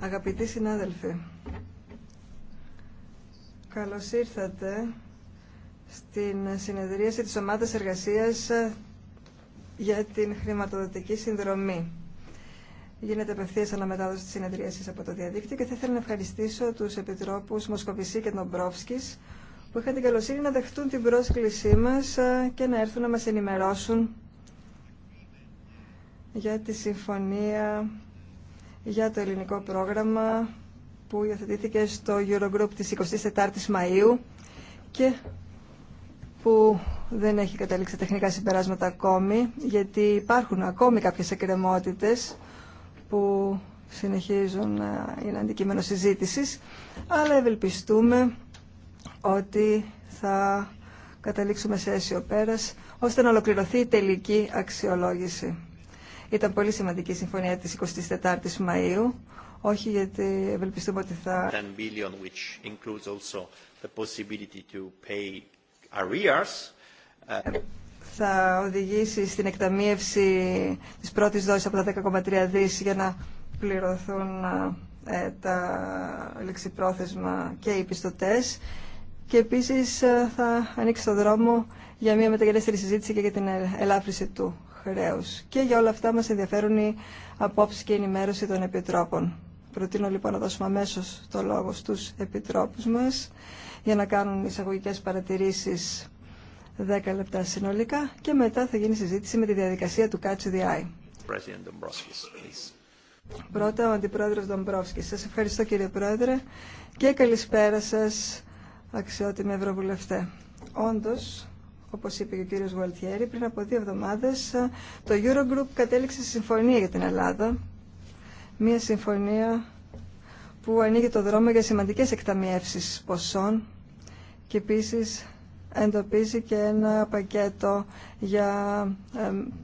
Αγαπητοί συνάδελφοι, καλώς ήρθατε στην συνεδρίαση της Ομάδας Εργασίας για την χρηματοδοτική συνδρομή. Γίνεται απευθεία αναμετάδοση τη συνεδρίαση από το διαδίκτυο και θα ήθελα να ευχαριστήσω του επιτρόπου Μοσκοβισή και Νομπρόφσκη που είχαν την καλοσύνη να δεχτούν την πρόσκλησή μα και να έρθουν να μα ενημερώσουν για τη συμφωνία για το ελληνικό πρόγραμμα που υιοθετήθηκε στο Eurogroup της 24ης Μαΐου και που δεν έχει καταλήξει τεχνικά συμπεράσματα ακόμη, γιατί υπάρχουν ακόμη κάποιες εκκρεμότητες που συνεχίζουν να είναι αντικείμενο συζήτησης, αλλά ευελπιστούμε ότι θα καταλήξουμε σε αίσιο πέρας, ώστε να ολοκληρωθεί η τελική αξιολόγηση. Ήταν πολύ σημαντική η συμφωνία της 24ης Μαΐου, όχι γιατί ευελπιστούμε ότι θα... Θα οδηγήσει στην εκταμείευση της πρώτης δόσης από τα 10,3 δις για να πληρωθούν ε, τα λεξιπρόθεσμα και οι πιστωτές και επίσης θα ανοίξει το δρόμο για μια μεταγενέστερη συζήτηση και για την ελάφρυση του και για όλα αυτά μας ενδιαφέρουν οι απόψεις και η ενημέρωση των επιτρόπων. Προτείνω λοιπόν να δώσουμε αμέσω το λόγο στους επιτρόπους μας για να κάνουν εισαγωγικέ παρατηρήσεις 10 λεπτά συνολικά και μετά θα γίνει συζήτηση με τη διαδικασία του Catch the Eye. Πρώτα ο Αντιπρόεδρος Ντομπρόφσκης. Σας ευχαριστώ κύριε Πρόεδρε και καλησπέρα σας αξιότιμη Ευρωβουλευτέ. Όντως, όπως είπε και ο κύριος Γουαλτιέρη, πριν από δύο εβδομάδες το Eurogroup κατέληξε σε συμφωνία για την Ελλάδα. Μία συμφωνία που ανοίγει το δρόμο για σημαντικές εκταμιεύσεις ποσών και επίσης εντοπίζει και ένα πακέτο για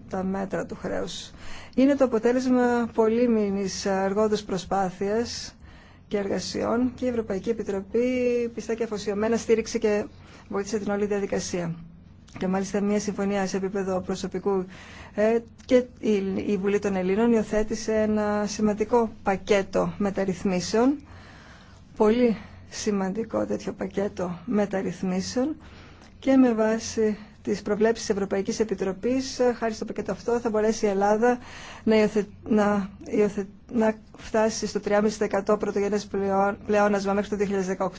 τα μέτρα του χρέους. Είναι το αποτέλεσμα πολύμινης αργόντως προσπάθειας και εργασιών και η Ευρωπαϊκή Επιτροπή πιστά και αφοσιωμένα στήριξε και βοήθησε την όλη διαδικασία και μάλιστα μια συμφωνία σε επίπεδο προσωπικού ε, και η Βουλή των Ελλήνων υιοθέτησε ένα σημαντικό πακέτο μεταρρυθμίσεων, πολύ σημαντικό τέτοιο πακέτο μεταρρυθμίσεων και με βάση τις προβλέψεις της Ευρωπαϊκής Επιτροπής, ε, χάρη στο πακέτο αυτό, θα μπορέσει η Ελλάδα να, φτάσει στο 3,5% πρωτογενές πλεόνασμα μέχρι το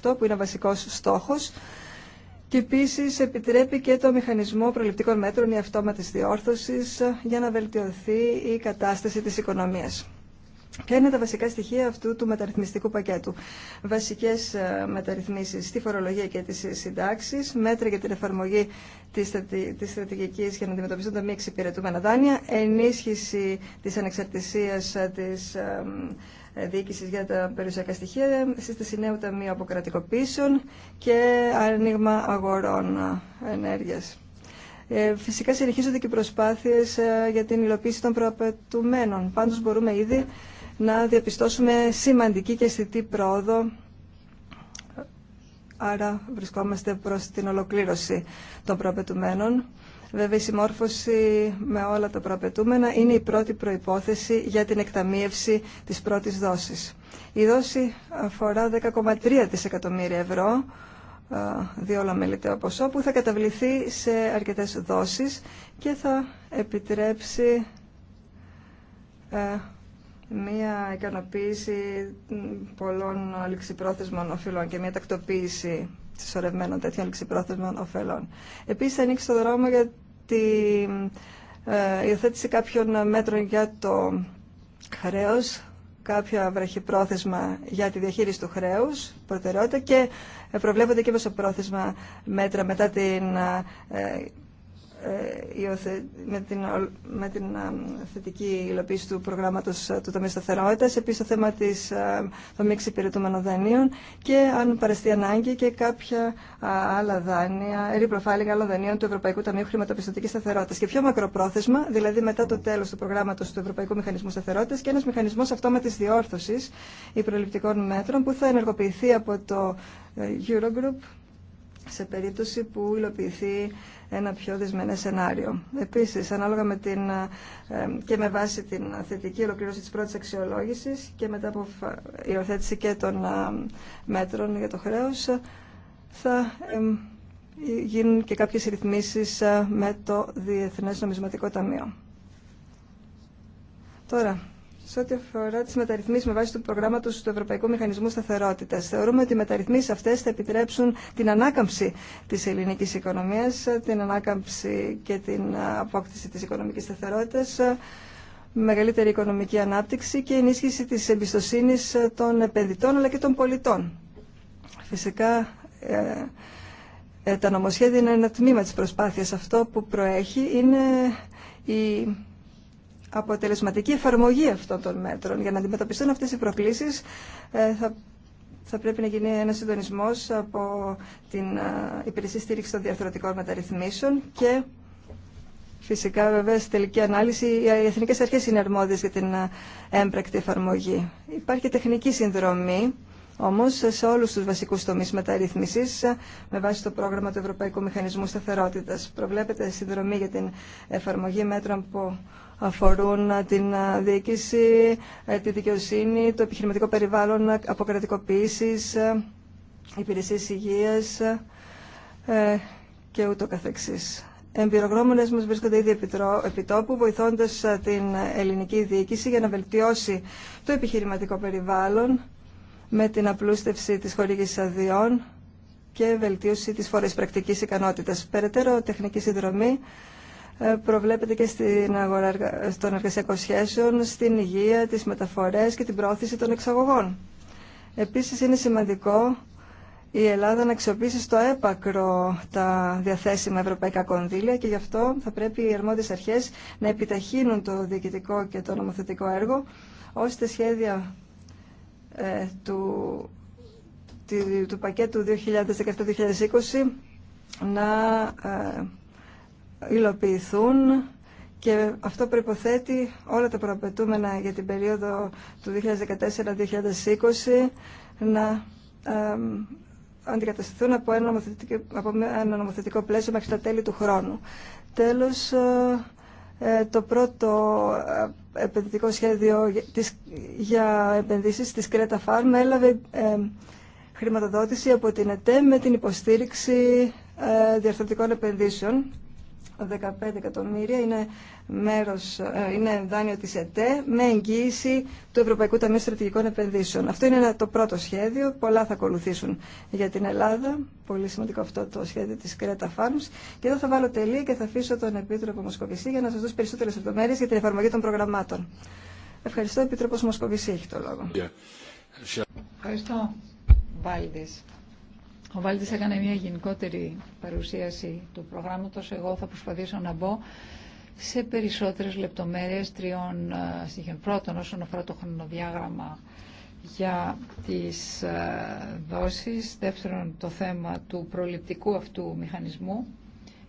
2018, που είναι ο βασικός στόχος και επίση επιτρέπει και το μηχανισμό προληπτικών μέτρων ή αυτόματη διόρθωσης για να βελτιωθεί η κατάσταση της οικονομίας. Και είναι τα βασικά στοιχεία αυτού του μεταρρυθμιστικού πακέτου. Βασικέ ε, μεταρρυθμίσει στη φορολογία και τι συντάξει, μέτρα για την εφαρμογή τη στρατηγική για να αντιμετωπιστούν τα μη εξυπηρετούμενα δάνεια, ενίσχυση τη ανεξαρτησία ε, τη ε, διοίκησης για τα περιουσιακά στοιχεία, σύσταση νέου ταμείου αποκρατικοποίησεων και άνοιγμα αγορών ενέργειας. Ε, φυσικά συνεχίζονται και οι προσπάθειες ε, για την υλοποίηση των προαπαιτουμένων. Πάντως μπορούμε ήδη να διαπιστώσουμε σημαντική και αισθητή πρόοδο άρα βρισκόμαστε προς την ολοκλήρωση των προαπαιτουμένων Βέβαια η συμμόρφωση με όλα τα προαπαιτούμενα είναι η πρώτη προϋπόθεση για την εκταμείευση της πρώτης δόσης. Η δόση αφορά 10,3 δισεκατομμύρια ευρώ, διόλα μελιτέο ποσό, που θα καταβληθεί σε αρκετές δόσεις και θα επιτρέψει μία ικανοποίηση πολλών ληξιπρόθεσμων οφειλών και μία τακτοποίηση συσσωρευμένων τέτοιων ληξιπρόθεσμων ωφελών. Επίσης, ανοίξει το δρόμο για τη ε, υιοθέτηση κάποιων μέτρων για το χρέος, κάποια βραχυπρόθεσμα για τη διαχείριση του χρέους, προτεραιότητα και ε, προβλέπονται και μεσοπρόθεσμα μέτρα μετά την ε, ε, με την, με την ε, θετική υλοποίηση του προγράμματος ε, του Ταμείου Σταθερότητας, επίσης το θέμα της, των μη δανείων και αν παρεστεί ανάγκη και κάποια άλλα δάνεια, προφάλιγα άλλων δανείων του Ευρωπαϊκού Ταμείου Χρηματοπιστωτικής Σταθερότητας και πιο μακροπρόθεσμα, δηλαδή μετά το τέλος του προγράμματος του Ευρωπαϊκού Μηχανισμού Σταθερότητας και ένας μηχανισμός αυτόματης διόρθωσης ή προληπτικών μέτρων που θα ενεργοποιηθεί από το Eurogroup σε περίπτωση που υλοποιηθεί ένα πιο δυσμενές σενάριο. Επίσης, ανάλογα με την, ε, και με βάση την θετική ολοκλήρωση της πρώτης αξιολόγηση και μετά από υιοθέτηση και των ε, μέτρων για το χρέο, θα ε, γίνουν και κάποιες ρυθμίσεις με το Διεθνές Νομισματικό Ταμείο. Τώρα, σε ό,τι αφορά τι μεταρρυθμίσει με βάση του προγράμματο του Ευρωπαϊκού Μηχανισμού Σταθερότητα. Θεωρούμε ότι οι μεταρρυθμίσει αυτέ θα επιτρέψουν την ανάκαμψη τη ελληνική οικονομία, την ανάκαμψη και την απόκτηση τη οικονομική σταθερότητα, μεγαλύτερη οικονομική ανάπτυξη και ενίσχυση τη εμπιστοσύνη των επενδυτών αλλά και των πολιτών. Φυσικά, ε, ε, τα νομοσχέδια είναι ένα τμήμα τη προσπάθεια Αυτό που προέχει είναι η αποτελεσματική εφαρμογή αυτών των μέτρων. Για να αντιμετωπιστούν αυτές οι προκλήσεις ε, θα, θα πρέπει να γίνει ένας συντονισμό από την ε, Υπηρεσία Στήριξη των Διαρθρωτικών Μεταρρυθμίσεων και Φυσικά, βέβαια, στη τελική ανάλυση οι εθνικέ αρχές είναι αρμόδιες για την ε, έμπρακτη εφαρμογή. Υπάρχει τεχνική συνδρομή, όμω, σε όλου του βασικού τομεί μεταρρύθμιση με βάση το πρόγραμμα του Ευρωπαϊκού Μηχανισμού Σταθερότητα. Προβλέπεται συνδρομή για την εφαρμογή μέτρων που αφορούν την διοίκηση, ε, τη δικαιοσύνη, το επιχειρηματικό περιβάλλον ε, αποκρατικοποίησης, ε, υπηρεσίες υγείας και ούτω καθεξής. Εμπειρογνώμονες μας βρίσκονται ήδη επιτόπου, βοηθώντας την ελληνική διοίκηση για να βελτιώσει το επιχειρηματικό περιβάλλον με την απλούστευση της χορηγήση αδειών και βελτίωση της φορέ πρακτική ικανότητας. Περαιτέρω τεχνική συνδρομή ε, προβλέπεται και στην αγορά των σχέσεων, στην υγεία, τις μεταφορές και την πρόθεση των εξαγωγών. Επίσης είναι σημαντικό η Ελλάδα να αξιοποιήσει στο έπακρο τα διαθέσιμα ευρωπαϊκά κονδύλια και γι' αυτό θα πρέπει οι αρμόδιες αρχές να επιταχύνουν το διοικητικό και το νομοθετικό έργο ώστε σχέδια ε, του, του, πακέτου 2017-2020 να ε, υλοποιηθούν και αυτό προϋποθέτει όλα τα προαπαιτούμενα για την περίοδο του 2014-2020 να αντικαταστηθούν από ένα, νομοθετικό, νομοθετικό πλαίσιο μέχρι τα τέλη του χρόνου. Τέλος, ε, ε, το πρώτο ε, επενδυτικό σχέδιο για επενδύσεις της Κρέτα Φαρμ έλαβε χρηματοδότηση από την ΕΤΕ με την υποστήριξη διαρθρωτικών επενδύσεων 15 εκατομμύρια είναι, μέρος, ε, είναι δάνειο της ΕΤΕ με εγγύηση του Ευρωπαϊκού Ταμείου Στρατηγικών Επενδύσεων. Αυτό είναι το πρώτο σχέδιο, πολλά θα ακολουθήσουν για την Ελλάδα, πολύ σημαντικό αυτό το σχέδιο της Κρέτα Φάνους. Και εδώ θα βάλω τελεία και θα αφήσω τον Επίτροπο Μοσκοβισή για να σας δώσει περισσότερες λεπτομέρειες για την εφαρμογή των προγραμμάτων. Ευχαριστώ, Επίτροπος Μοσκοβισή έχει το λόγο. Ευχαριστώ, ο Βάλτης έκανε μια γενικότερη παρουσίαση του προγράμματος. Εγώ θα προσπαθήσω να μπω σε περισσότερες λεπτομέρειες τριών ε, στοιχείων. Πρώτον, όσον αφορά το χρονοδιάγραμμα για τις ε, δόσεις. Δεύτερον, το θέμα του προληπτικού αυτού μηχανισμού.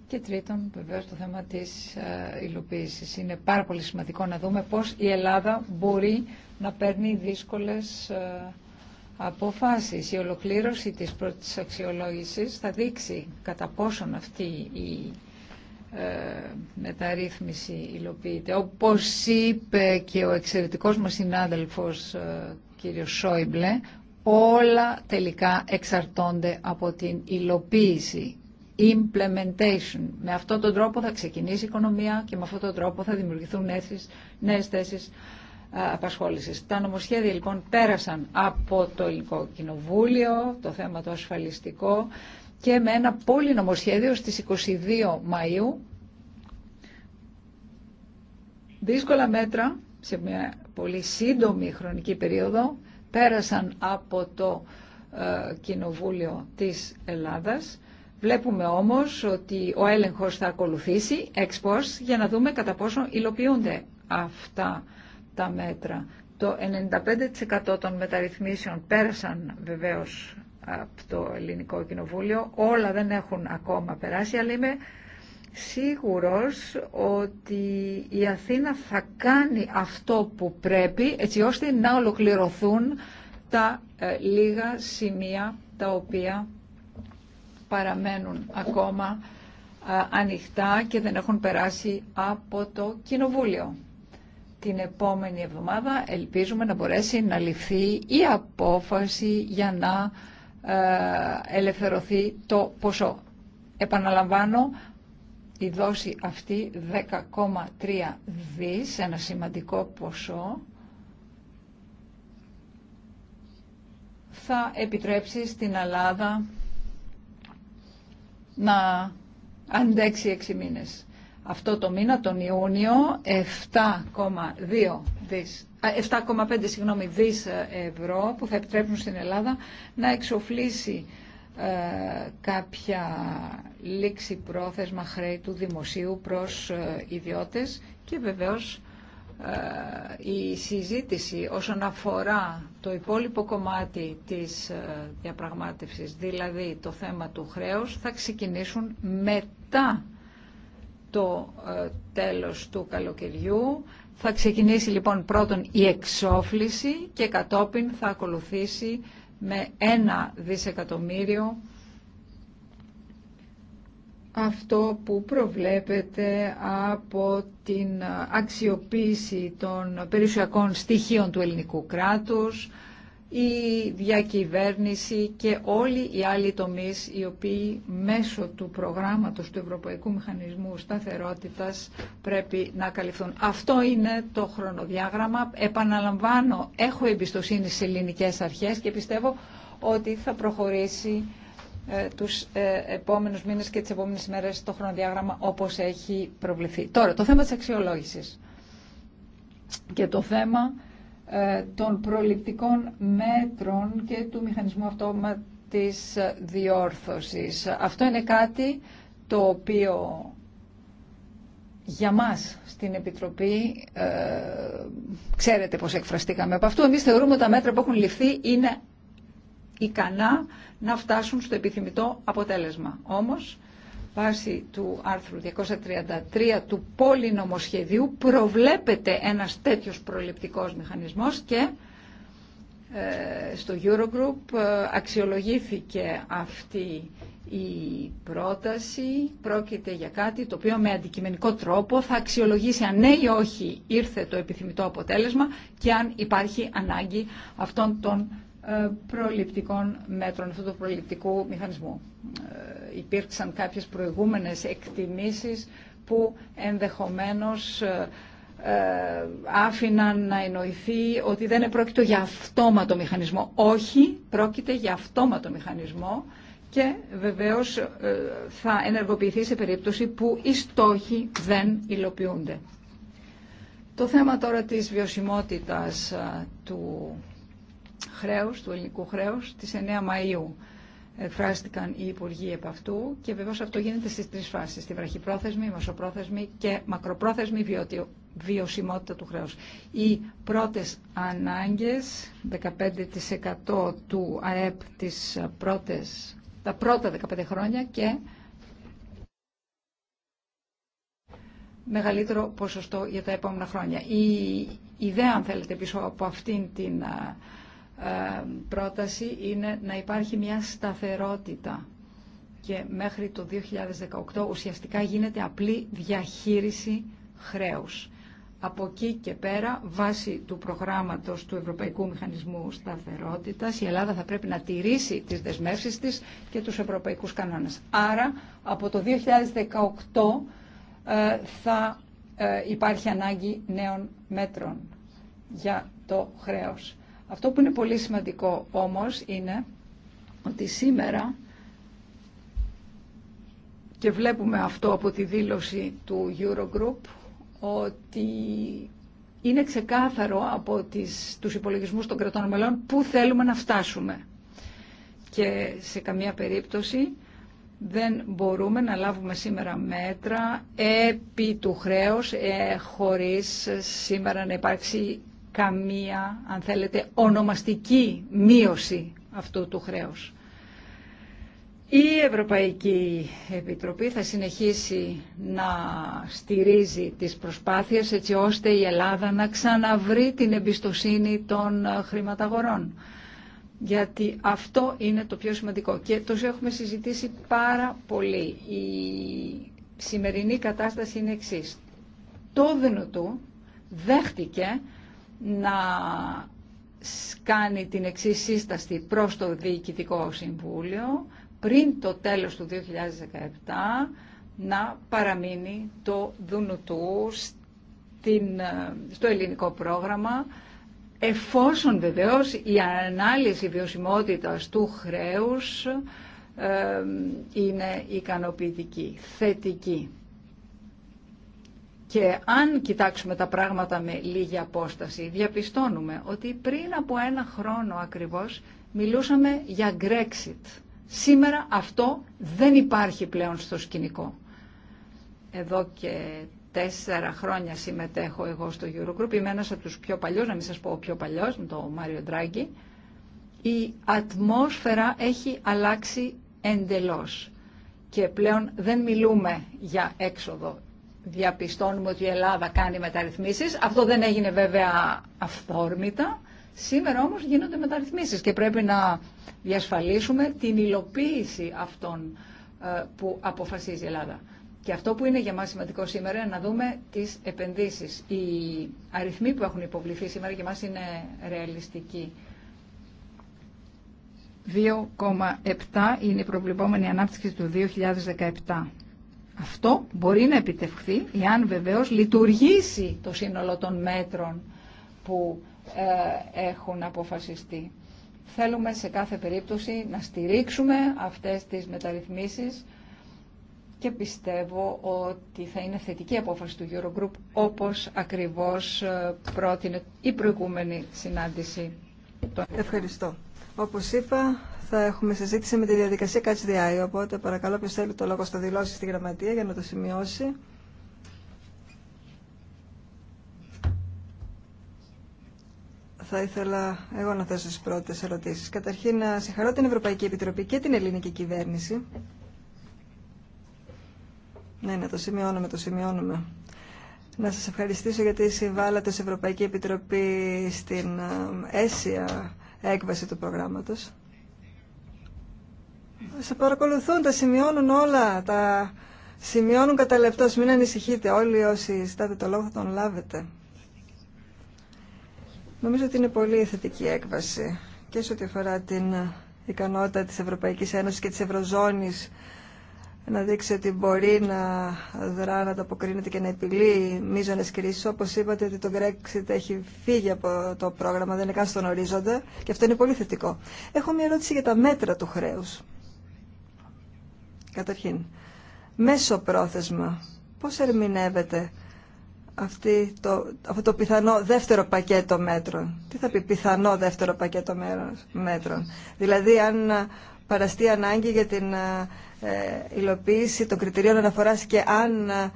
Και τρίτον, βεβαίω το θέμα της ε, υλοποίησης. Είναι πάρα πολύ σημαντικό να δούμε πώς η Ελλάδα μπορεί να παίρνει δύσκολες αποφάσεις. Η ολοκλήρωση της πρώτης αξιολόγησης θα δείξει κατά πόσον αυτή η ε, μεταρρύθμιση υλοποιείται. Όπως είπε και ο εξαιρετικός μας συνάδελφος ε, κύριος Σόιμπλε, όλα τελικά εξαρτώνται από την υλοποίηση implementation. Με αυτόν τον τρόπο θα ξεκινήσει η οικονομία και με αυτόν τον τρόπο θα δημιουργηθούν νέες θέσεις τα νομοσχέδια λοιπόν πέρασαν από το Ελληνικό Κοινοβούλιο, το θέμα το ασφαλιστικό και με ένα νομοσχέδιο στις 22 Μαΐου. Δύσκολα μέτρα σε μια πολύ σύντομη χρονική περίοδο πέρασαν από το ε, Κοινοβούλιο της Ελλάδας. Βλέπουμε όμως ότι ο έλεγχος θα ακολουθήσει ex για να δούμε κατά πόσο υλοποιούνται αυτά τα μέτρα. Το 95% των μεταρρυθμίσεων πέρασαν βεβαίως από το Ελληνικό Κοινοβούλιο. Όλα δεν έχουν ακόμα περάσει, αλλά είμαι σίγουρος ότι η Αθήνα θα κάνει αυτό που πρέπει, έτσι ώστε να ολοκληρωθούν τα ε, λίγα σημεία τα οποία παραμένουν ακόμα ε, ανοιχτά και δεν έχουν περάσει από το Κοινοβούλιο την επόμενη εβδομάδα ελπίζουμε να μπορέσει να ληφθεί η απόφαση για να ε, ελευθερωθεί το ποσό. Επαναλαμβάνω, η δόση αυτή 10,3 δις, ένα σημαντικό ποσό, θα επιτρέψει στην Ελλάδα να αντέξει 6 μήνες αυτό το μήνα, τον Ιούνιο, 7,2 δις 7,5 δις ε, ευρώ που θα επιτρέψουν στην Ελλάδα να εξοφλήσει ε, κάποια λήξη πρόθεσμα χρέη του δημοσίου προς ε, ιδιώτες και βεβαίως ε, η συζήτηση όσον αφορά το υπόλοιπο κομμάτι της διαπραγμάτευσης, δηλαδή το θέμα του χρέους, θα ξεκινήσουν μετά το ε, τέλος του καλοκαιριού. Θα ξεκινήσει λοιπόν πρώτον η εξόφληση και κατόπιν θα ακολουθήσει με ένα δισεκατομμύριο αυτό που προβλέπεται από την αξιοποίηση των περιουσιακών στοιχείων του ελληνικού κράτους, η διακυβέρνηση και όλοι οι άλλοι τομείς οι οποίοι μέσω του προγράμματος του Ευρωπαϊκού Μηχανισμού Σταθερότητας πρέπει να καλυφθούν. Αυτό είναι το χρονοδιάγραμμα. Επαναλαμβάνω, έχω εμπιστοσύνη σε ελληνικές αρχές και πιστεύω ότι θα προχωρήσει ε, τους ε, επόμενους μήνες και τις επόμενες μέρες το χρονοδιάγραμμα όπως έχει προβληθεί. Τώρα, το θέμα της αξιολόγησης και το θέμα ε, των προληπτικών μέτρων και του μηχανισμού αυτόματης διόρθωσης. Αυτό είναι κάτι το οποίο για μας στην Επιτροπή, ε, ξέρετε πώς εκφραστήκαμε από αυτού, εμείς θεωρούμε ότι τα μέτρα που έχουν ληφθεί είναι ικανά να φτάσουν στο επιθυμητό αποτέλεσμα. Όμως βάση του άρθρου 233 του πολυνομοσχεδίου προβλέπεται ένας τέτοιος προληπτικός μηχανισμός και ε, στο Eurogroup ε, αξιολογήθηκε αυτή η πρόταση. Πρόκειται για κάτι το οποίο με αντικειμενικό τρόπο θα αξιολογήσει αν ναι ή όχι ήρθε το επιθυμητό αποτέλεσμα και αν υπάρχει ανάγκη αυτών των ε, προληπτικών μέτρων, αυτού του προληπτικού μηχανισμού. Ε, υπήρξαν κάποιες προηγούμενες εκτιμήσεις που ενδεχομένως ε, άφηναν να εννοηθεί ότι δεν πρόκειται για αυτόματο μηχανισμό. Όχι, πρόκειται για αυτόματο μηχανισμό και βεβαίως θα ενεργοποιηθεί σε περίπτωση που οι στόχοι δεν υλοποιούνται. Το θέμα τώρα της βιωσιμότητας του χρέους, του ελληνικού χρέους, της 9 Μαΐου εκφράστηκαν οι υπουργοί επ' αυτού και βεβαίως αυτό γίνεται στις τρεις φάσεις, στη βραχυπρόθεσμη, μεσοπρόθεσμη και μακροπρόθεσμη βιωσιμότητα του χρέους. Οι πρώτες ανάγκες, 15% του ΑΕΠ τις τα πρώτα 15 χρόνια και μεγαλύτερο ποσοστό για τα επόμενα χρόνια. Η ιδέα, αν θέλετε, πίσω από αυτήν την ε, πρόταση είναι να υπάρχει μια σταθερότητα και μέχρι το 2018 ουσιαστικά γίνεται απλή διαχείριση χρέους. Από εκεί και πέρα, βάσει του προγράμματος του Ευρωπαϊκού Μηχανισμού Σταθερότητας, η Ελλάδα θα πρέπει να τηρήσει τις δεσμεύσεις της και τους ευρωπαϊκούς κανόνες. Άρα, από το 2018 ε, θα ε, υπάρχει ανάγκη νέων μέτρων για το χρέος. Αυτό που είναι πολύ σημαντικό όμως είναι ότι σήμερα και βλέπουμε αυτό από τη δήλωση του Eurogroup ότι είναι ξεκάθαρο από τις, τους υπολογισμούς των κρατών μελών πού θέλουμε να φτάσουμε. Και σε καμία περίπτωση δεν μπορούμε να λάβουμε σήμερα μέτρα επί του χρέους ε, χωρίς σήμερα να υπάρξει καμία, αν θέλετε, ονομαστική μείωση αυτού του χρέους. Η Ευρωπαϊκή Επιτροπή θα συνεχίσει να στηρίζει τις προσπάθειες έτσι ώστε η Ελλάδα να ξαναβρει την εμπιστοσύνη των χρηματαγορών. Γιατί αυτό είναι το πιο σημαντικό και το έχουμε συζητήσει πάρα πολύ. Η σημερινή κατάσταση είναι εξής. Το του δέχτηκε να κάνει την εξή σύσταση προς το Διοικητικό Συμβούλιο πριν το τέλος του 2017 να παραμείνει το Δουνουτού την ε, στο ελληνικό πρόγραμμα εφόσον βεβαίως η ανάλυση βιωσιμότητας του χρέους ε, είναι ικανοποιητική, θετική. Και αν κοιτάξουμε τα πράγματα με λίγη απόσταση, διαπιστώνουμε ότι πριν από ένα χρόνο ακριβώς μιλούσαμε για Brexit. Σήμερα αυτό δεν υπάρχει πλέον στο σκηνικό. Εδώ και τέσσερα χρόνια συμμετέχω εγώ στο Eurogroup. Είμαι ένας από τους πιο παλιούς, να μην σας πω ο πιο παλιός, με το Μάριο Ντράγκη. Η ατμόσφαιρα έχει αλλάξει εντελώς. Και πλέον δεν μιλούμε για έξοδο διαπιστώνουμε ότι η Ελλάδα κάνει μεταρρυθμίσεις. Αυτό δεν έγινε βέβαια αυθόρμητα. Σήμερα όμως γίνονται μεταρρυθμίσεις και πρέπει να διασφαλίσουμε την υλοποίηση αυτών ε, που αποφασίζει η Ελλάδα. Και αυτό που είναι για μας σημαντικό σήμερα είναι να δούμε τις επενδύσεις. Οι αριθμοί που έχουν υποβληθεί σήμερα για μας είναι ρεαλιστικοί. 2,7 είναι η προβλεπόμενη ανάπτυξη του 2017. Αυτό μπορεί να επιτευχθεί εάν βεβαίως λειτουργήσει το σύνολο των μέτρων που ε, έχουν αποφασιστεί. Θέλουμε σε κάθε περίπτωση να στηρίξουμε αυτές τις μεταρρυθμίσεις και πιστεύω ότι θα είναι θετική απόφαση του Eurogroup όπως ακριβώς ε, πρότεινε η προηγούμενη συνάντηση. Ευχαριστώ. Όπως είπα, θα έχουμε συζήτηση με τη διαδικασία Catch the οπότε παρακαλώ ποιος θέλει το λόγο στο δηλώσει στη γραμματεία για να το σημειώσει. Θα ήθελα εγώ να θέσω τις πρώτες ερωτήσεις. Καταρχήν, να συγχαρώ την Ευρωπαϊκή Επιτροπή και την ελληνική κυβέρνηση. Ναι, να το σημειώνουμε, το σημειώνουμε. Να σας ευχαριστήσω γιατί συμβάλλατε ως Ευρωπαϊκή Επιτροπή στην ε, αίσια έκβαση του προγράμματος. Σε παρακολουθούν, τα σημειώνουν όλα, τα σημειώνουν κατά λεπτός. Μην ανησυχείτε, όλοι όσοι ζητάτε το λόγο θα τον λάβετε. Νομίζω ότι είναι πολύ θετική έκβαση και σε ό,τι αφορά την ικανότητα της Ευρωπαϊκής Ένωσης και της Ευρωζώνης να δείξει ότι μπορεί να δρά, να αποκρίνεται και να επιλύει μείζονε κρίσει. Όπω είπατε, ότι το Brexit έχει φύγει από το πρόγραμμα, δεν είναι καν στον ορίζοντα και αυτό είναι πολύ θετικό. Έχω μια ερώτηση για τα μέτρα του χρέου. Καταρχήν, μέσο πρόθεσμα, πώ ερμηνεύεται αυτή το, αυτό το πιθανό δεύτερο πακέτο μέτρων. Τι θα πει πιθανό δεύτερο πακέτο μέτρων. Δηλαδή, αν παραστεί ανάγκη για την ε, ε, υλοποίηση των κριτηρίων αναφοράς και αν ε,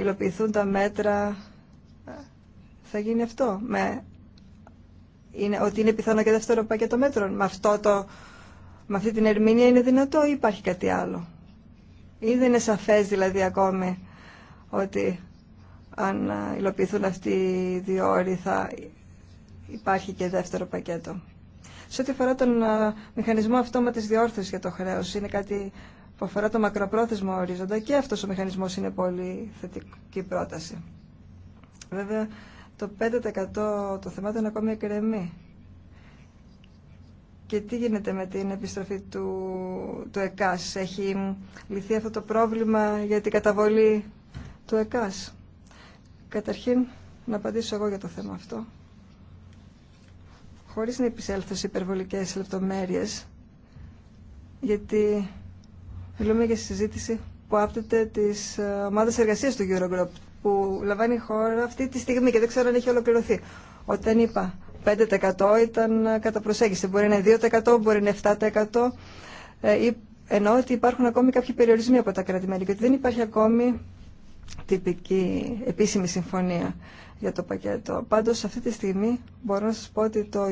υλοποιηθούν τα μέτρα θα γίνει αυτό. Με, είναι, ότι είναι πιθανό και δεύτερο πακέτο μέτρων. Με, αυτό το, με αυτή την ερμηνεία είναι δυνατό ή υπάρχει κάτι άλλο. Ή δεν είναι σαφές δηλαδή ακόμη ότι αν υλοποιηθούν αυτοί οι δύο όροι θα υπάρχει και δεύτερο πακέτο. Σε ό,τι αφορά τον μηχανισμό αυτόματης διόρθωσης για το χρέος, είναι κάτι που αφορά το μακροπρόθεσμο ορίζοντα και αυτός ο μηχανισμός είναι πολύ θετική πρόταση. Βέβαια, το 5% των θεμάτων ακόμη εκρεμή. Και τι γίνεται με την επιστροφή του, του ΕΚΑΣ. Έχει λυθεί αυτό το πρόβλημα για την καταβολή του ΕΚΑΣ. Καταρχήν, να απαντήσω εγώ για το θέμα αυτό χωρίς να επισέλθω σε υπερβολικές λεπτομέρειες, γιατί μιλούμε για συζήτηση που άπτεται της ε, ομάδας εργασίας του Eurogroup, που λαμβάνει η χώρα αυτή τη στιγμή και δεν ξέρω αν έχει ολοκληρωθεί. Όταν είπα 5% ήταν ε, κατά προσέγγιση, μπορεί να είναι 2%, μπορεί να είναι 7%, ε, ενώ ότι υπάρχουν ακόμη κάποιοι περιορισμοί από τα κρατη και ότι δεν υπάρχει ακόμη τυπική επίσημη συμφωνία για το πακέτο. Πάντως αυτή τη στιγμή μπορώ να σας πω ότι το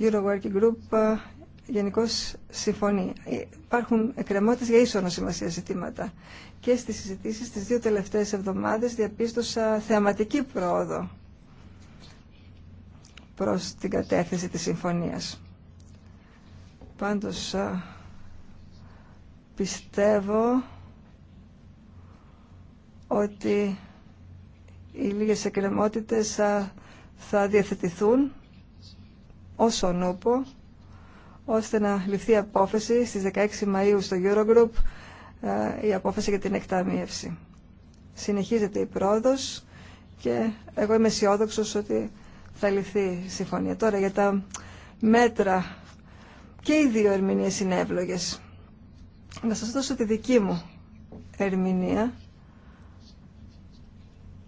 Euro Working Group ε, γενικώ συμφωνεί. Υπάρχουν εκκρεμότητες για ίσονο σημασία ζητήματα. Και στις συζητήσεις τις δύο τελευταίες εβδομάδες διαπίστωσα θεαματική πρόοδο προς την κατεύθυνση της συμφωνίας. Πάντως ε, πιστεύω ότι οι λίγες εκκρεμότητες θα διαθετηθούν όσο νοπό, ώστε να ληφθεί απόφαση στις 16 Μαΐου στο Eurogroup ε, η απόφαση για την εκταμίευση. Συνεχίζεται η πρόοδος και εγώ είμαι αισιόδοξο ότι θα ληφθεί η συμφωνία. Τώρα για τα μέτρα και οι δύο ερμηνείες είναι Να σας δώσω τη δική μου ερμηνεία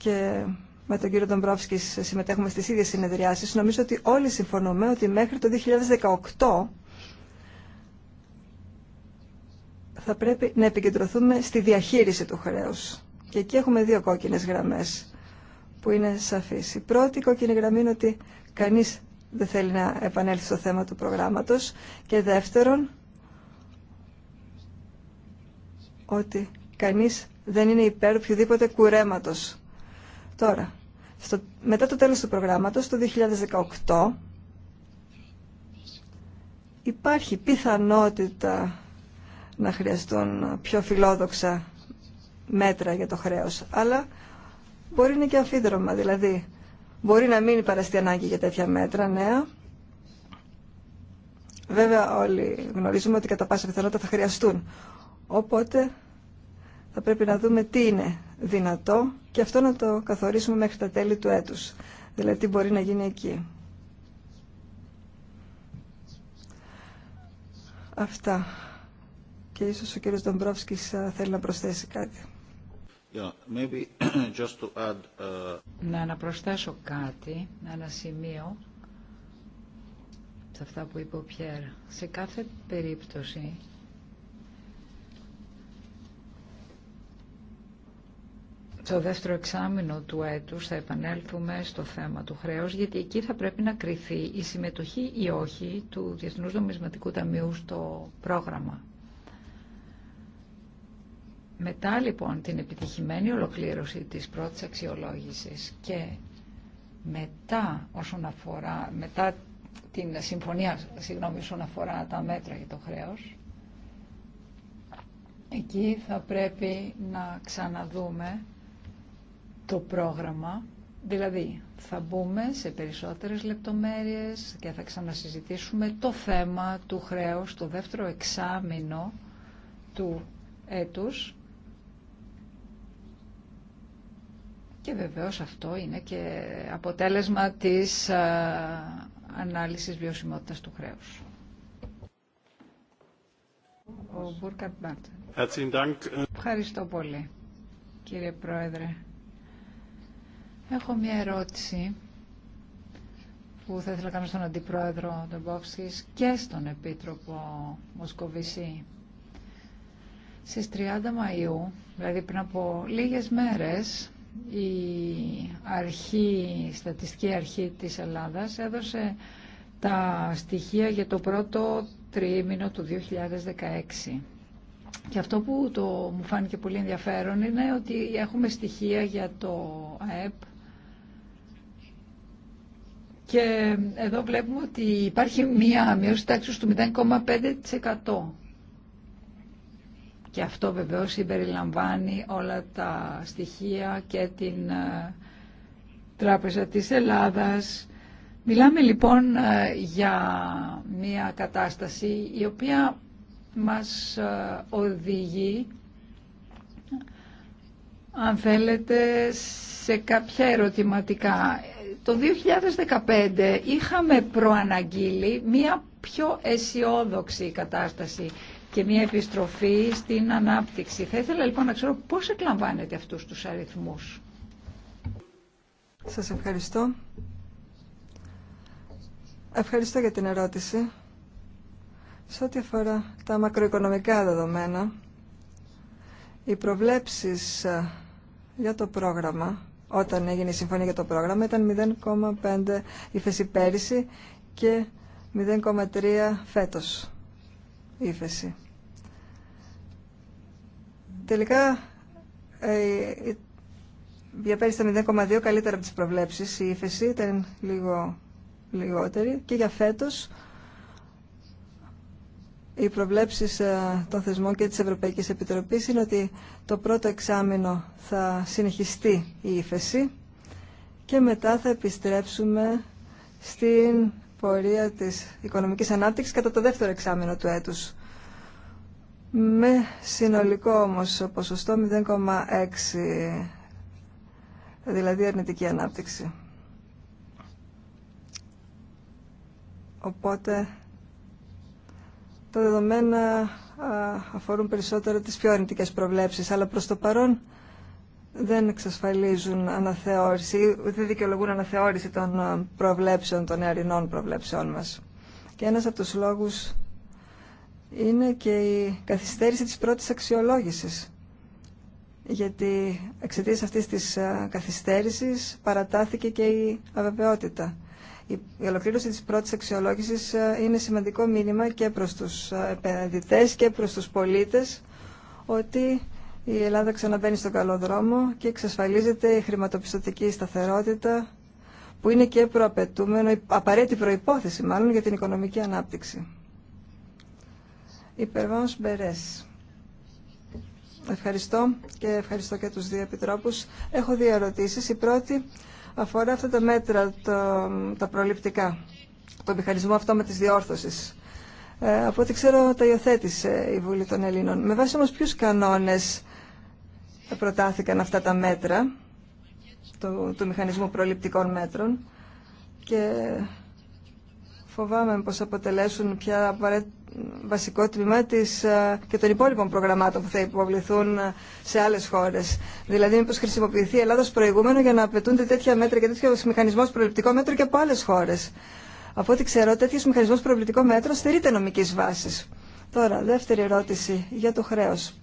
και με τον κύριο Ντομπρόφσκη συμμετέχουμε στις ίδιες συνεδριάσεις, νομίζω ότι όλοι συμφωνούμε ότι μέχρι το 2018 θα πρέπει να επικεντρωθούμε στη διαχείριση του χρέους. Και εκεί έχουμε δύο κόκκινες γραμμές που είναι σαφείς. Η πρώτη κόκκινη γραμμή είναι ότι κανείς δεν θέλει να επανέλθει στο θέμα του προγράμματος και δεύτερον ότι κανείς δεν είναι υπέρ οποιοδήποτε κουρέματος Τώρα, μετά το τέλος του προγράμματος, το 2018, υπάρχει πιθανότητα να χρειαστούν πιο φιλόδοξα μέτρα για το χρέος, αλλά μπορεί να είναι και αφίδρομα. δηλαδή μπορεί να μην υπαραστεί ανάγκη για τέτοια μέτρα νέα. Βέβαια όλοι γνωρίζουμε ότι κατά πάσα πιθανότητα θα χρειαστούν. Οπότε θα πρέπει να δούμε τι είναι δυνατό και αυτό να το καθορίσουμε μέχρι τα τέλη του έτους. Δηλαδή τι μπορεί να γίνει εκεί. Αυτά. Και ίσως ο κύριος Ντομπρόφσκης ε, θέλει να προσθέσει κάτι. Yeah, maybe just to uh, Να αναπροσθέσω κάτι, ένα σημείο σε αυτά που είπε ο Πιέρ. Σε κάθε περίπτωση στο δεύτερο εξάμεινο του έτους θα επανέλθουμε στο θέμα του χρέους, γιατί εκεί θα πρέπει να κρυθεί η συμμετοχή ή όχι του Διεθνούς Νομισματικού Ταμείου στο πρόγραμμα. Μετά λοιπόν την επιτυχημένη ολοκλήρωση της πρώτης αξιολόγησης και μετά όσον αφορά, μετά την συμφωνία, συγγνώμη, όσον αφορά τα μέτρα για το χρέος, εκεί θα πρέπει να ξαναδούμε το πρόγραμμα, δηλαδή θα μπούμε σε περισσότερες λεπτομέρειες και θα ξανασυζητήσουμε το θέμα του χρέους το δεύτερο εξάμεινο του έτους και βεβαίως αυτό είναι και αποτέλεσμα της ε, ανάλυσης βιωσιμότητας του χρέους. Ο Ευχαριστώ πολύ, κύριε Πρόεδρε. Έχω μια ερώτηση που θα ήθελα να κάνω στον Αντιπρόεδρο Ντομπόφσκης και στον Επίτροπο Μοσκοβισή. Στις 30 Μαΐου, δηλαδή πριν από λίγες μέρες, η αρχή, η στατιστική αρχή της Ελλάδας έδωσε τα στοιχεία για το πρώτο τριήμινο του 2016. Και αυτό που το, μου φάνηκε πολύ ενδιαφέρον είναι ότι έχουμε στοιχεία για το ΑΕΠ, και εδώ βλέπουμε ότι υπάρχει μία μείωση τάξης του 0,5%. Και αυτό βεβαίως συμπεριλαμβάνει όλα τα στοιχεία και την ε, Τράπεζα της Ελλάδας. Μιλάμε λοιπόν ε, για μία κατάσταση η οποία μας ε, οδηγεί αν θέλετε, σε κάποια ερωτηματικά. Το 2015 είχαμε προαναγγείλει μια πιο αισιόδοξη κατάσταση και μια επιστροφή στην ανάπτυξη. Θα ήθελα λοιπόν να ξέρω πώς εκλαμβάνετε αυτούς τους αριθμούς. Σας ευχαριστώ. Ευχαριστώ για την ερώτηση. Σε ό,τι αφορά τα μακροοικονομικά δεδομένα, οι προβλέψεις ε, για το πρόγραμμα όταν έγινε η συμφωνία για το πρόγραμμα ήταν 0,5 ύφεση πέρυσι και 0,3 φέτος ύφεση. Τελικά ε, για πέρυσι ήταν 0,2 καλύτερα από τις προβλέψεις η ύφεση, ήταν λίγο λιγότερη και για φέτος οι προβλέψεις ε, των θεσμών και της Ευρωπαϊκής Επιτροπής είναι ότι το πρώτο εξάμεινο θα συνεχιστεί η ύφεση και μετά θα επιστρέψουμε στην πορεία της οικονομικής ανάπτυξης κατά το δεύτερο εξάμεινο του έτους. Με συνολικό όμως ποσοστό 0,6, δηλαδή αρνητική ανάπτυξη. Οπότε τα δεδομένα αφορούν περισσότερο τις πιο αρνητικές προβλέψεις, αλλά προς το παρόν δεν εξασφαλίζουν αναθεώρηση, δεν δικαιολογούν αναθεώρηση των προβλέψεων, των νεαρινών προβλέψεών μας. Και ένας από τους λόγους είναι και η καθυστέρηση της πρώτης αξιολόγησης. Γιατί εξαιτία αυτής της καθυστέρησης παρατάθηκε και η αβεβαιότητα η ολοκλήρωση της πρώτης αξιολόγησης ε, είναι σημαντικό μήνυμα και προς τους ε, επενδυτές και προς τους πολίτες ότι η Ελλάδα ξαναμπαίνει στον καλό δρόμο και εξασφαλίζεται η χρηματοπιστωτική σταθερότητα που είναι και προαπαιτούμενο, απαραίτητη προϋπόθεση μάλλον για την οικονομική ανάπτυξη. Υπερβάνος Μπερές. Ευχαριστώ και ευχαριστώ και τους δύο επιτρόπους. Έχω δύο ερωτήσεις. Η πρώτη αφορά αυτά τα μέτρα, το, τα προληπτικά, το μηχανισμό αυτό με τις διόρθωσεις. Ε, από ό,τι ξέρω τα υιοθέτησε η Βουλή των Ελλήνων. Με βάση όμως ποιους κανόνες προτάθηκαν αυτά τα μέτρα του, το μηχανισμού προληπτικών μέτρων και φοβάμαι πως αποτελέσουν πια βασικό τμήμα της ε, και των υπόλοιπων προγραμμάτων που θα υποβληθούν ε, σε άλλες χώρες. Δηλαδή μήπως χρησιμοποιηθεί η Ελλάδα προηγούμενο για να απαιτούνται τέτοια μέτρα και τέτοιο μηχανισμός προληπτικό μέτρο και από άλλες χώρες. Από ό,τι ξέρω, τέτοιο μηχανισμό προληπτικό μέτρο στερείται νομικής βάσης. Τώρα, δεύτερη ερώτηση για το χρέος.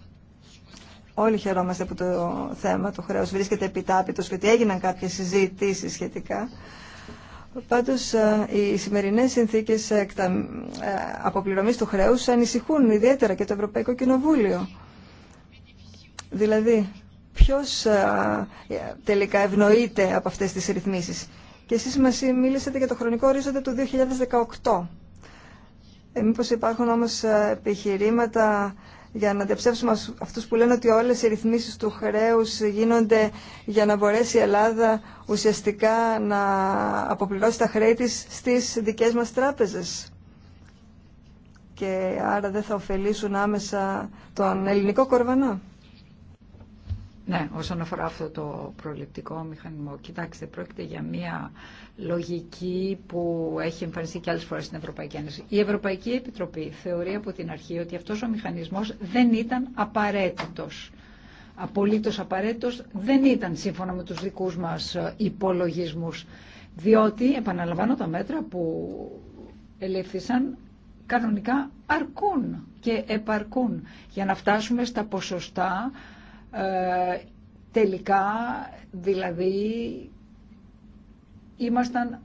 Όλοι χαιρόμαστε που το θέμα του χρέου βρίσκεται επιτάπητο και έγιναν κάποιε συζητήσεις σχετικά. Πάντως ε, οι σημερινές συνθήκες ε, ε, αποπληρωμής του χρέους ανησυχούν ιδιαίτερα και το Ευρωπαϊκό Κοινοβούλιο. Δηλαδή, ποιος τελικά ευνοείται από αυτές τις ρυθμίσεις. Και εσείς μας μίλησατε για το χρονικό ορίζοντα του 2018. Ε, μήπως υπάρχουν όμως επιχειρήματα για να διαψεύσουμε αυτούς που λένε ότι όλες οι ρυθμίσεις του χρέους γίνονται για να μπορέσει η Ελλάδα ουσιαστικά να αποπληρώσει τα χρέη της στις δικές μας τράπεζες. Και άρα δεν θα ωφελήσουν άμεσα τον ελληνικό κορβανά. Ναι, όσον αφορά αυτό το προληπτικό μηχανισμό, κοιτάξτε, πρόκειται για μια λογική που έχει εμφανιστεί και άλλες φορές στην Ευρωπαϊκή Ένωση. Η Ευρωπαϊκή Επιτροπή θεωρεί από την αρχή ότι αυτός ο μηχανισμός δεν ήταν απαραίτητος. Απολύτως απαραίτητος δεν ήταν σύμφωνα με τους δικούς μας υπολογισμούς. Διότι, επαναλαμβάνω, τα μέτρα που ελήφθησαν κανονικά αρκούν και επαρκούν για να φτάσουμε στα ποσοστά ε, τελικά, δηλαδή, ήμασταν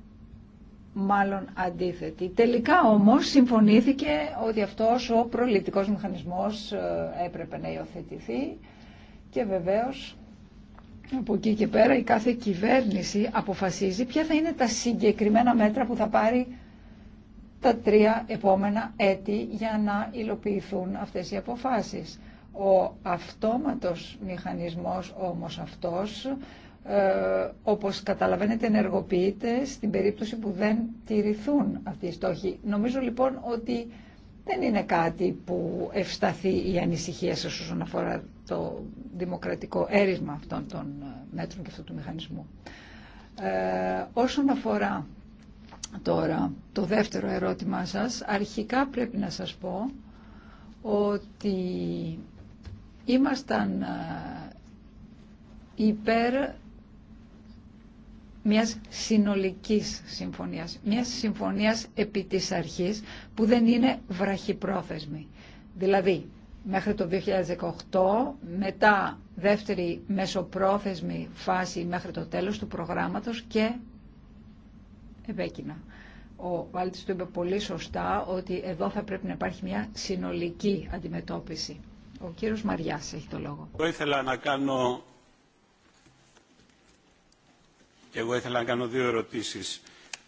μάλλον αντίθετοι. Τελικά όμως συμφωνήθηκε ότι αυτός ο προληπτικός μηχανισμός ε, έπρεπε να υιοθετηθεί και βεβαίως από εκεί και πέρα η κάθε κυβέρνηση αποφασίζει ποια θα είναι τα συγκεκριμένα μέτρα που θα πάρει τα τρία επόμενα έτη για να υλοποιηθούν αυτές οι αποφάσεις. Ο αυτόματος μηχανισμός όμως αυτός, ε, όπως καταλαβαίνετε, ενεργοποιείται στην περίπτωση που δεν τηρηθούν αυτοί οι στόχοι. Νομίζω λοιπόν ότι δεν είναι κάτι που ευσταθεί η ανησυχία σας όσον αφορά το δημοκρατικό έρισμα αυτών των ε, μέτρων και αυτού του μηχανισμού. Ε, όσον αφορά τώρα το δεύτερο ερώτημά σας, αρχικά πρέπει να σας πω ότι ήμασταν ε, υπέρ μιας συνολικής συμφωνίας, μιας συμφωνίας επί της αρχής που δεν είναι βραχυπρόθεσμη. Δηλαδή, μέχρι το 2018, μετά δεύτερη μεσοπρόθεσμη φάση μέχρι το τέλος του προγράμματος και επέκεινα. Ο Βάλτης του είπε πολύ σωστά ότι εδώ θα πρέπει να υπάρχει μια συνολική αντιμετώπιση. Ο κύριος Μαριάς έχει το λόγο. Εγώ ήθελα να κάνω... Εγώ ήθελα να κάνω δύο ερωτήσεις.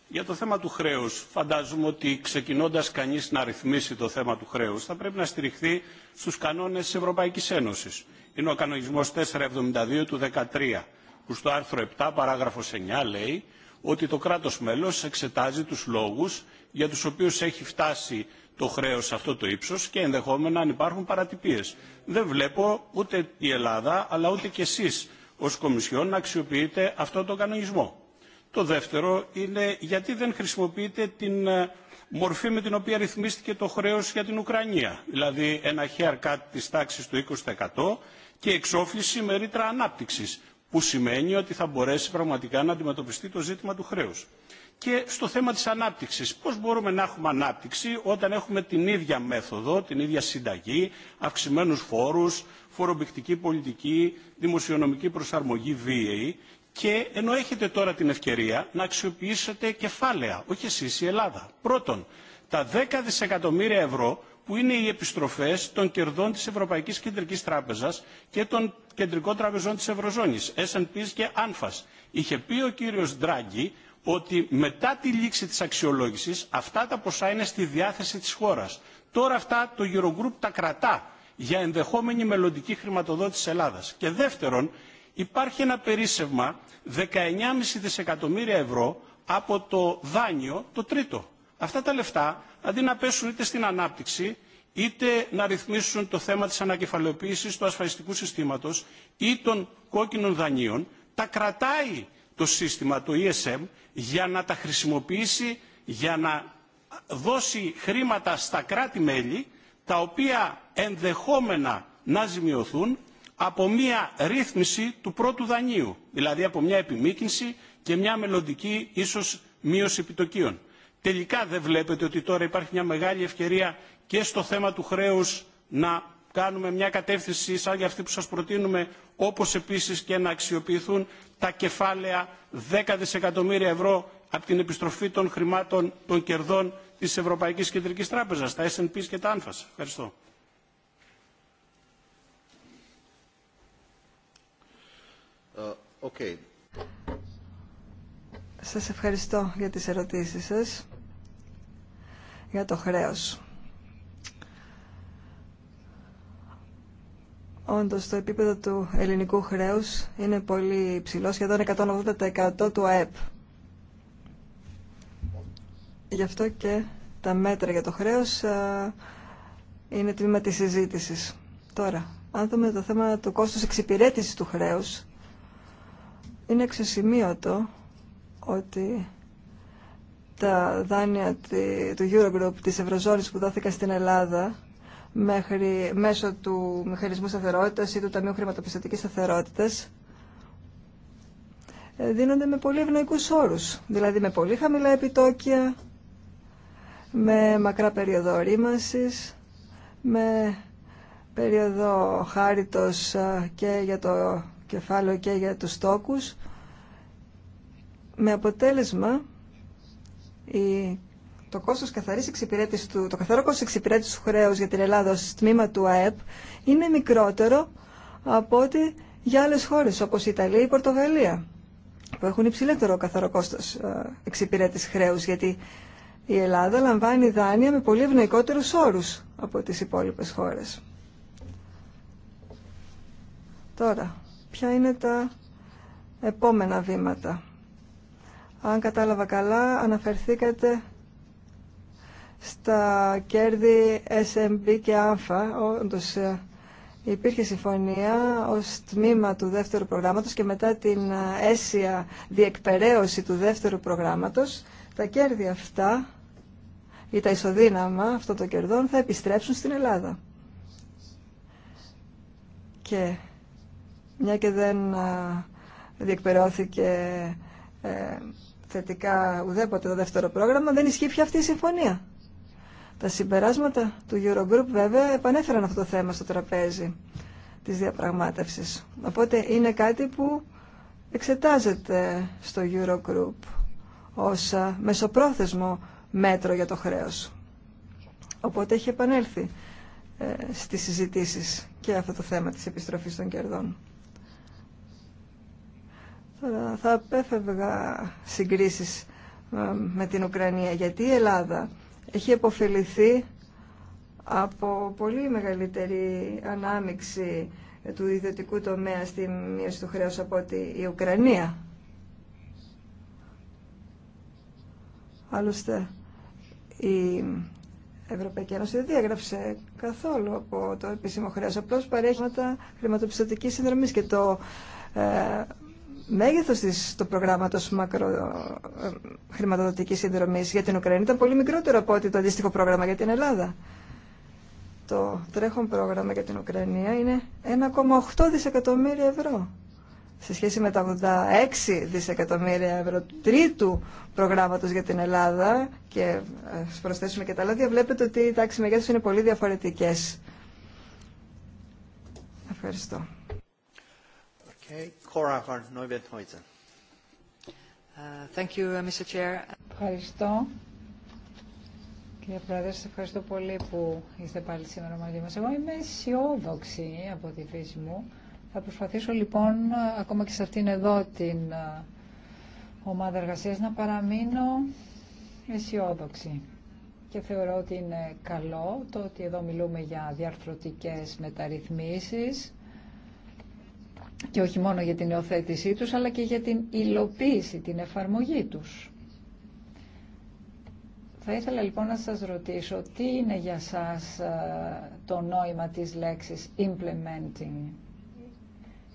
Για το θέμα του χρέους, φαντάζομαι ότι ξεκινώντας κανείς να ρυθμίσει το θέμα του χρέους, θα πρέπει να στηριχθεί στους κανόνες της Ευρωπαϊκής Ένωσης. Είναι ο κανονισμός 472 του 2013, που στο άρθρο 7, παράγραφος 9, λέει ότι το κράτος μέλος εξετάζει τους λόγους για τους οποίους έχει φτάσει το χρέος σε αυτό το ύψο και ενδεχόμενα αν υπάρχουν παρατυπίες. Δεν βλέπω ούτε η Ελλάδα αλλά ούτε κι εσείς ως Κομισιόν να αξιοποιείτε αυτό τον κανονισμό. Το δεύτερο είναι γιατί δεν χρησιμοποιείτε την ε, μορφή με την οποία ρυθμίστηκε το χρέος για την Ουκρανία. Δηλαδή ένα haircut της τάξης του 20% και εξόφληση με ρήτρα ανάπτυξη, που σημαίνει ότι θα μπορέσει πραγματικά να αντιμετωπιστεί το ζήτημα του χρέους και στο θέμα της ανάπτυξης. Πώς μπορούμε να έχουμε ανάπτυξη όταν έχουμε την ίδια μέθοδο, την ίδια συνταγή, αυξημένους φόρους, φορομπηκτική πολιτική, δημοσιονομική προσαρμογή βίαιη και ενώ έχετε τώρα την ευκαιρία να αξιοποιήσετε κεφάλαια, όχι εσείς η Ελλάδα. Πρώτον, τα 10 δισεκατομμύρια ευρώ που είναι οι επιστροφές των κερδών της Ευρωπαϊκής Κεντρικής Τράπεζας και των κεντρικών τραπεζών της Ευρωζώνης, S&P και ANFAS. Είχε πει ο κύριος Ντράγκη ότι μετά τη λήξη της αξιολόγησης αυτά τα ποσά είναι στη διάθεση της χώρας. Τώρα αυτά το Eurogroup τα κρατά για ενδεχόμενη μελλοντική χρηματοδότηση της Ελλάδας. Και δεύτερον, υπάρχει ένα περίσσευμα 19,5 δισεκατομμύρια ευρώ από το δάνειο το τρίτο. Αυτά τα λεφτά, αντί να πέσουν είτε στην ανάπτυξη, είτε να ρυθμίσουν το θέμα της ανακεφαλαιοποίησης του ασφαλιστικού συστήματος ή των κόκκινων δανείων, τα κρατάει το σύστημα, το ESM, για να τα χρησιμοποιήσει, για να δώσει χρήματα στα κράτη-μέλη, τα οποία ενδεχόμενα να ζημιωθούν από μια ρύθμιση του πρώτου δανείου, δηλαδή από μια επιμήκυνση και μια μελλοντική ίσως μείωση επιτοκίων. Τελικά δεν βλέπετε ότι τώρα υπάρχει μια μεγάλη ευκαιρία και στο θέμα του χρέους να κάνουμε μια κατεύθυνση σαν για αυτή που σας προτείνουμε, όπως επίσης και να αξιοποιηθούν τα κεφάλαια 10 δισεκατομμύρια ευρώ από την επιστροφή των χρημάτων των κερδών της Ευρωπαϊκής Κεντρικής Τράπεζας, τα S&P και τα ΑΝΦΑΣ. Ευχαριστώ. Uh, Σας ευχαριστώ για τις ερωτήσεις σας για το χρέος. Όντως το επίπεδο του ελληνικού χρέους είναι πολύ υψηλό, σχεδόν 180% του ΑΕΠ. Γι' αυτό και τα μέτρα για το χρέος είναι τμήμα της συζήτηση. Τώρα, αν δούμε το θέμα του κόστους εξυπηρέτησης του χρέους, είναι εξωσημείωτο ότι τα δάνεια του Eurogroup της Ευρωζώνης που δόθηκαν στην Ελλάδα μέχρι, μέσω του μηχανισμού σταθερότητας ή του Ταμείου Χρηματοπιστωτικής Σταθερότητας ε, δίνονται με πολύ ευνοϊκούς όρους, δηλαδή με πολύ χαμηλά επιτόκια, με μακρά περίοδο ρήμασης, με περίοδο χάριτος ε, και για το κεφάλαιο και για τους τόκους, με αποτέλεσμα οι το, κόστος καθαρής του, το καθαρό κόστος εξυπηρέτησης του χρέους για την Ελλάδα ως τμήμα του ΑΕΠ είναι μικρότερο από ό,τι για άλλες χώρες όπως η Ιταλία ή η Πορτογαλία που έχουν υψηλότερο καθαρό κόστος ε, εξυπηρέτησης χρέους γιατί η Ελλάδα λαμβάνει δάνεια με πολύ ευνοϊκότερους όρους από τις υπόλοιπες χώρες. Τώρα, ποια είναι τα επόμενα βήματα. Αν κατάλαβα καλά, αναφερθήκατε στα κέρδη SMB και ΑΜΦΑ. Όντως ε, υπήρχε συμφωνία ως τμήμα του δεύτερου προγράμματος και μετά την ε, αίσια διεκπεραίωση του δεύτερου προγράμματος, τα κέρδη αυτά ή τα ισοδύναμα αυτών των κερδών θα επιστρέψουν στην Ελλάδα. Και μια και δεν ε, διεκπαιρεώθηκε θετικά ουδέποτε το δεύτερο πρόγραμμα, δεν ισχύει πια αυτή η συμφωνία. Τα συμπεράσματα του Eurogroup βέβαια επανέφεραν αυτό το θέμα στο τραπέζι της διαπραγμάτευσης. Οπότε είναι κάτι που εξετάζεται στο Eurogroup ως ε, μεσοπρόθεσμο μέτρο για το χρέος. Οπότε έχει επανέλθει ε, στις συζητήσεις και αυτό το θέμα της επιστροφής των κερδών. θα απέφευγα συγκρίσεις ε, με την Ουκρανία γιατί η Ελλάδα έχει επωφεληθεί από πολύ μεγαλύτερη ανάμιξη του ιδιωτικού τομέα στη μείωση του χρέους από ότι η Ουκρανία. Άλλωστε, η Ευρωπαϊκή Ένωση δεν διέγραψε καθόλου από το επίσημο χρέος. Απλώς παρέχει χρηματοπιστωτική συνδρομή και το ε, μέγεθος της, του προγράμματος μακροχρηματοδοτικής συνδρομής για την Ουκρανία ήταν πολύ μικρότερο από ότι το αντίστοιχο πρόγραμμα για την Ελλάδα. Το τρέχον πρόγραμμα για την Ουκρανία είναι 1,8 δισεκατομμύρια ευρώ σε σχέση με τα 86 δισεκατομμύρια ευρώ του τρίτου προγράμματος για την Ελλάδα και ε, ας προσθέσουμε και τα άλλα, βλέπετε ότι οι τάξεις είναι πολύ διαφορετικές. Ευχαριστώ. Okay. Ε, ε, ευχαριστώ. Κύριε Πρόεδρε, σας ευχαριστώ πολύ που είστε πάλι σήμερα μαζί μας. Εγώ είμαι αισιόδοξη από τη φύση μου. Θα προσπαθήσω λοιπόν, ακόμα και σε αυτήν εδώ την ε, ομάδα εργασίας, να παραμείνω αισιόδοξη. Και θεωρώ ότι είναι καλό το ότι εδώ μιλούμε για διαρθρωτικές μεταρρυθμίσεις και όχι μόνο για την υιοθέτησή τους αλλά και για την υλοποίηση, την εφαρμογή τους. Θα ήθελα λοιπόν να σας ρωτήσω τι είναι για σας ε, το νόημα της λέξης implementing.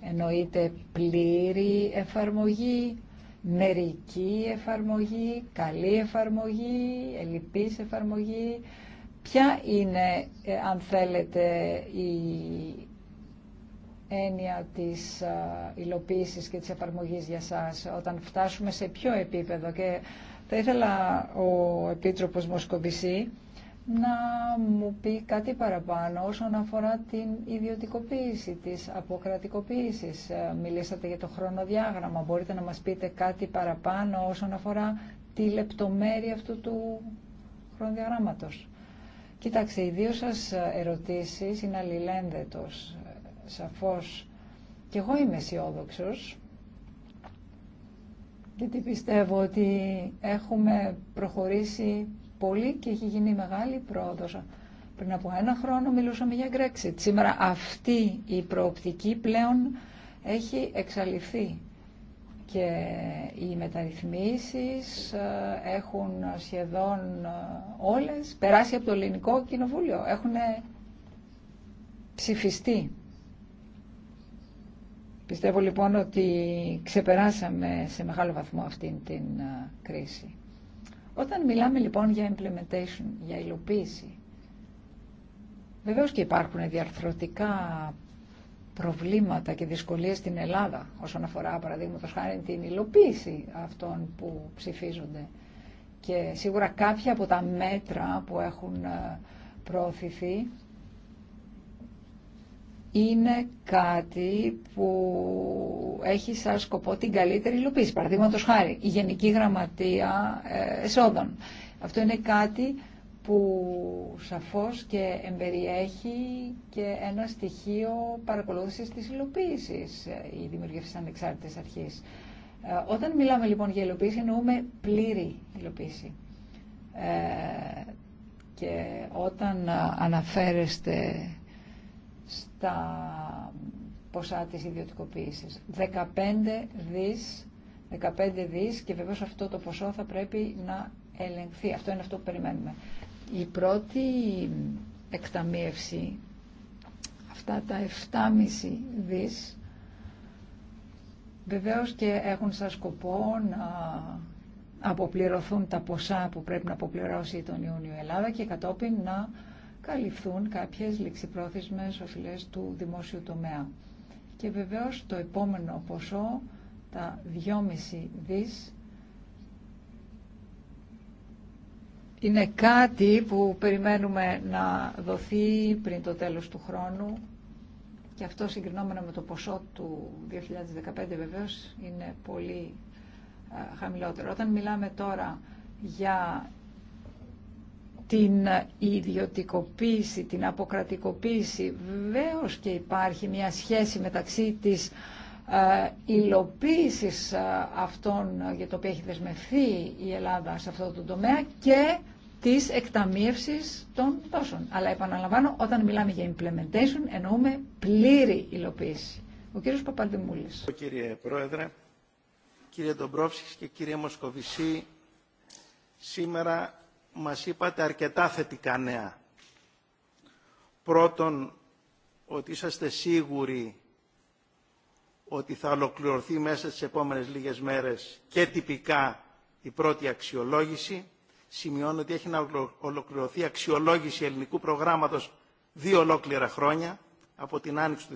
Εννοείται πλήρη εφαρμογή, μερική εφαρμογή, καλή εφαρμογή, ελλειπής εφαρμογή. Ποια είναι, ε, αν θέλετε, η έννοια της υλοποίησης και της εφαρμογής για σας όταν φτάσουμε σε ποιο επίπεδο και θα ήθελα ο Επίτροπος Μοσκοβισή να μου πει κάτι παραπάνω όσον αφορά την ιδιωτικοποίηση της αποκρατικοποίησης. Ε, μιλήσατε για το χρονοδιάγραμμα. Μπορείτε να μας πείτε κάτι παραπάνω όσον αφορά τη λεπτομέρεια αυτού του χρονοδιαγράμματος. Κοιτάξτε, οι δύο σας ερωτήσεις είναι αλληλένδετος σαφώς και εγώ είμαι αισιόδοξο. γιατί πιστεύω ότι έχουμε προχωρήσει πολύ και έχει γίνει μεγάλη πρόοδος. Πριν από ένα χρόνο μιλούσαμε για Brexit. Σήμερα αυτή η προοπτική πλέον έχει εξαλειφθεί και οι μεταρρυθμίσεις ε, έχουν σχεδόν ε, όλες περάσει από το ελληνικό κοινοβούλιο, έχουν ψηφιστεί. Πιστεύω λοιπόν ότι ξεπεράσαμε σε μεγάλο βαθμό αυτήν την κρίση. Όταν μιλάμε λοιπόν για implementation, για υλοποίηση, βεβαίως και υπάρχουν διαρθρωτικά προβλήματα και δυσκολίες στην Ελλάδα όσον αφορά παραδείγματο χάρη την υλοποίηση αυτών που ψηφίζονται. Και σίγουρα κάποια από τα μέτρα που έχουν προωθηθεί είναι κάτι που έχει σαν σκοπό την καλύτερη υλοποίηση. Παραδείγματο χάρη, η Γενική Γραμματεία ε, Εσόδων. Αυτό είναι κάτι που σαφώς και εμπεριέχει και ένα στοιχείο παρακολούθησης της υλοποίησης ε, η δημιουργία ανεξάρτητης αρχής. Ε, όταν μιλάμε λοιπόν για υλοποίηση εννοούμε πλήρη υλοποίηση. Και όταν αναφέρεστε στα ποσά της ιδιωτικοποίησης. 15 δις, 15 δις και βεβαίως αυτό το ποσό θα πρέπει να ελεγχθεί. Αυτό είναι αυτό που περιμένουμε. Η πρώτη εκταμίευση, αυτά τα 7,5 δις, βεβαίως και έχουν σαν σκοπό να αποπληρωθούν τα ποσά που πρέπει να αποπληρώσει τον Ιούνιο η Ελλάδα και κατόπιν να καλυφθούν κάποιες ληξιπρόθεσμες οφειλές του δημόσιου τομέα. Και βεβαίως το επόμενο ποσό, τα 2,5 δις, είναι κάτι που περιμένουμε να δοθεί πριν το τέλος του χρόνου και αυτό συγκρινόμενο με το ποσό του 2015 βεβαίως είναι πολύ χαμηλότερο. Όταν μιλάμε τώρα για την ιδιωτικοποίηση, την αποκρατικοποίηση. Βεβαίω και υπάρχει μια σχέση μεταξύ της ε, υλοποίηση ε, αυτών ε, για το οποίο έχει δεσμευθεί η Ελλάδα σε αυτό το τομέα και της εκταμίευσης των τόσων. Αλλά επαναλαμβάνω, όταν μιλάμε για implementation εννοούμε πλήρη υλοποίηση. Ο κύριος Παπαδημούλης. Κύριε Πρόεδρε, κύριε Ντομπρόψης και κύριε Μοσκοβισή, σήμερα μας είπατε αρκετά θετικά νέα. Πρώτον, ότι είσαστε σίγουροι ότι θα ολοκληρωθεί μέσα στις επόμενες λίγες μέρες και τυπικά η πρώτη αξιολόγηση. Σημειώνω ότι έχει να ολοκληρωθεί αξιολόγηση ελληνικού προγράμματος δύο ολόκληρα χρόνια, από την άνοιξη του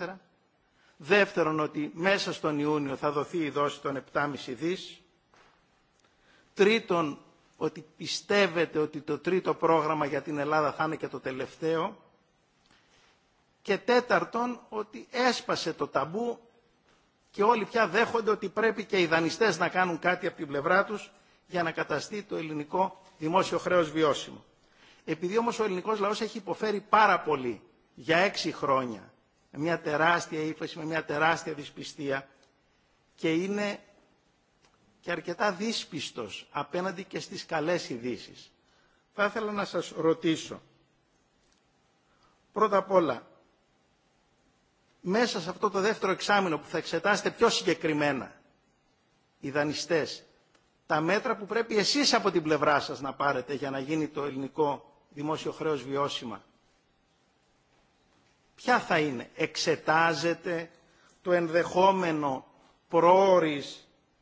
2014. Δεύτερον, ότι μέσα στον Ιούνιο θα δοθεί η δόση των 7,5 δις. Τρίτον, ότι πιστεύετε ότι το τρίτο πρόγραμμα για την Ελλάδα θα είναι και το τελευταίο και τέταρτον ότι έσπασε το ταμπού και όλοι πια δέχονται ότι πρέπει και οι δανειστές να κάνουν κάτι από την πλευρά τους για να καταστεί το ελληνικό δημόσιο χρέος βιώσιμο. Επειδή όμως ο ελληνικός λαός έχει υποφέρει πάρα πολύ για έξι χρόνια, με μια τεράστια ύφεση, με μια τεράστια δυσπιστία και είναι και αρκετά δύσπιστος απέναντι και στις καλές ειδήσει. Θα ήθελα να σας ρωτήσω, πρώτα απ' όλα, μέσα σε αυτό το δεύτερο εξάμεινο που θα εξετάσετε πιο συγκεκριμένα, οι δανειστές, τα μέτρα που πρέπει εσείς από την πλευρά σας να πάρετε για να γίνει το ελληνικό δημόσιο χρέος βιώσιμα, ποια θα είναι, εξετάζετε το ενδεχόμενο πρόορης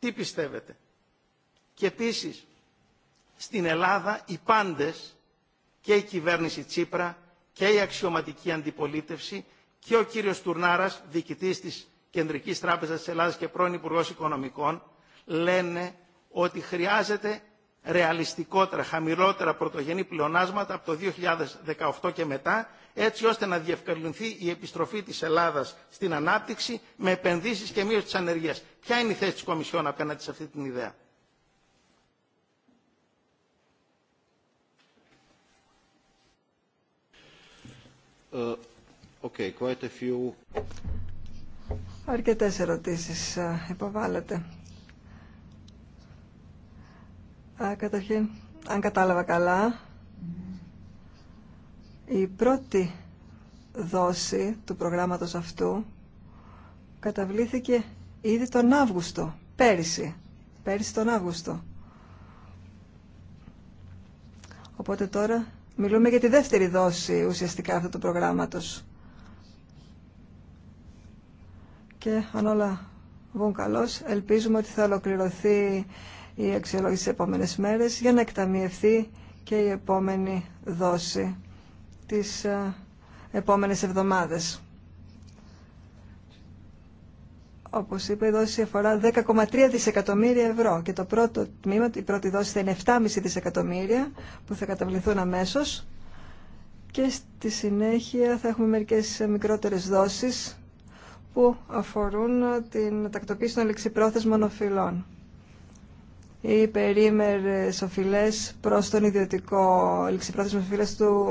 τι πιστεύετε. Και επίση, στην Ελλάδα οι πάντες, και η κυβέρνηση Τσίπρα και η αξιωματική αντιπολίτευση και ο κύριος Τουρνάρας, διοικητής της Κεντρικής Τράπεζας της Ελλάδας και πρώην Υπουργός Οικονομικών, λένε ότι χρειάζεται ρεαλιστικότερα, χαμηλότερα πρωτογενή πλεονάσματα από το 2018 και μετά έτσι ώστε να διευκολυνθεί η επιστροφή της Ελλάδας στην ανάπτυξη με επενδύσεις και μείωση της ανεργίας. Ποια είναι η θέση της Κομισιόν απέναντι σε αυτή την ιδέα. Uh, okay, quite a few... Αρκετές ερωτήσεις ε, υποβάλλεται. Ε, καταρχήν, αν κατάλαβα καλά, η πρώτη δόση του προγράμματος αυτού καταβλήθηκε ήδη τον Αύγουστο, πέρυσι. Πέρυσι τον Αύγουστο. Οπότε τώρα μιλούμε για τη δεύτερη δόση ουσιαστικά αυτού του προγράμματος. Και αν όλα βγουν καλώς, ελπίζουμε ότι θα ολοκληρωθεί η αξιολόγηση στις επόμενες μέρες για να εκταμιευθεί και η επόμενη δόση τις ε, επόμενες εβδομάδες. Όπως είπα, η δόση αφορά 10,3 δισεκατομμύρια ευρώ και το πρώτο τμήμα, η πρώτη δόση θα είναι 7,5 δισεκατομμύρια που θα καταβληθούν αμέσως και στη συνέχεια θα έχουμε μερικές μικρότερες δόσεις που αφορούν την τακτοποίηση των λεξιπρόθεσμων οφειλών ή περίμερες οφειλές προς τον ιδιωτικό ληξιπρόθεσμο οφειλές του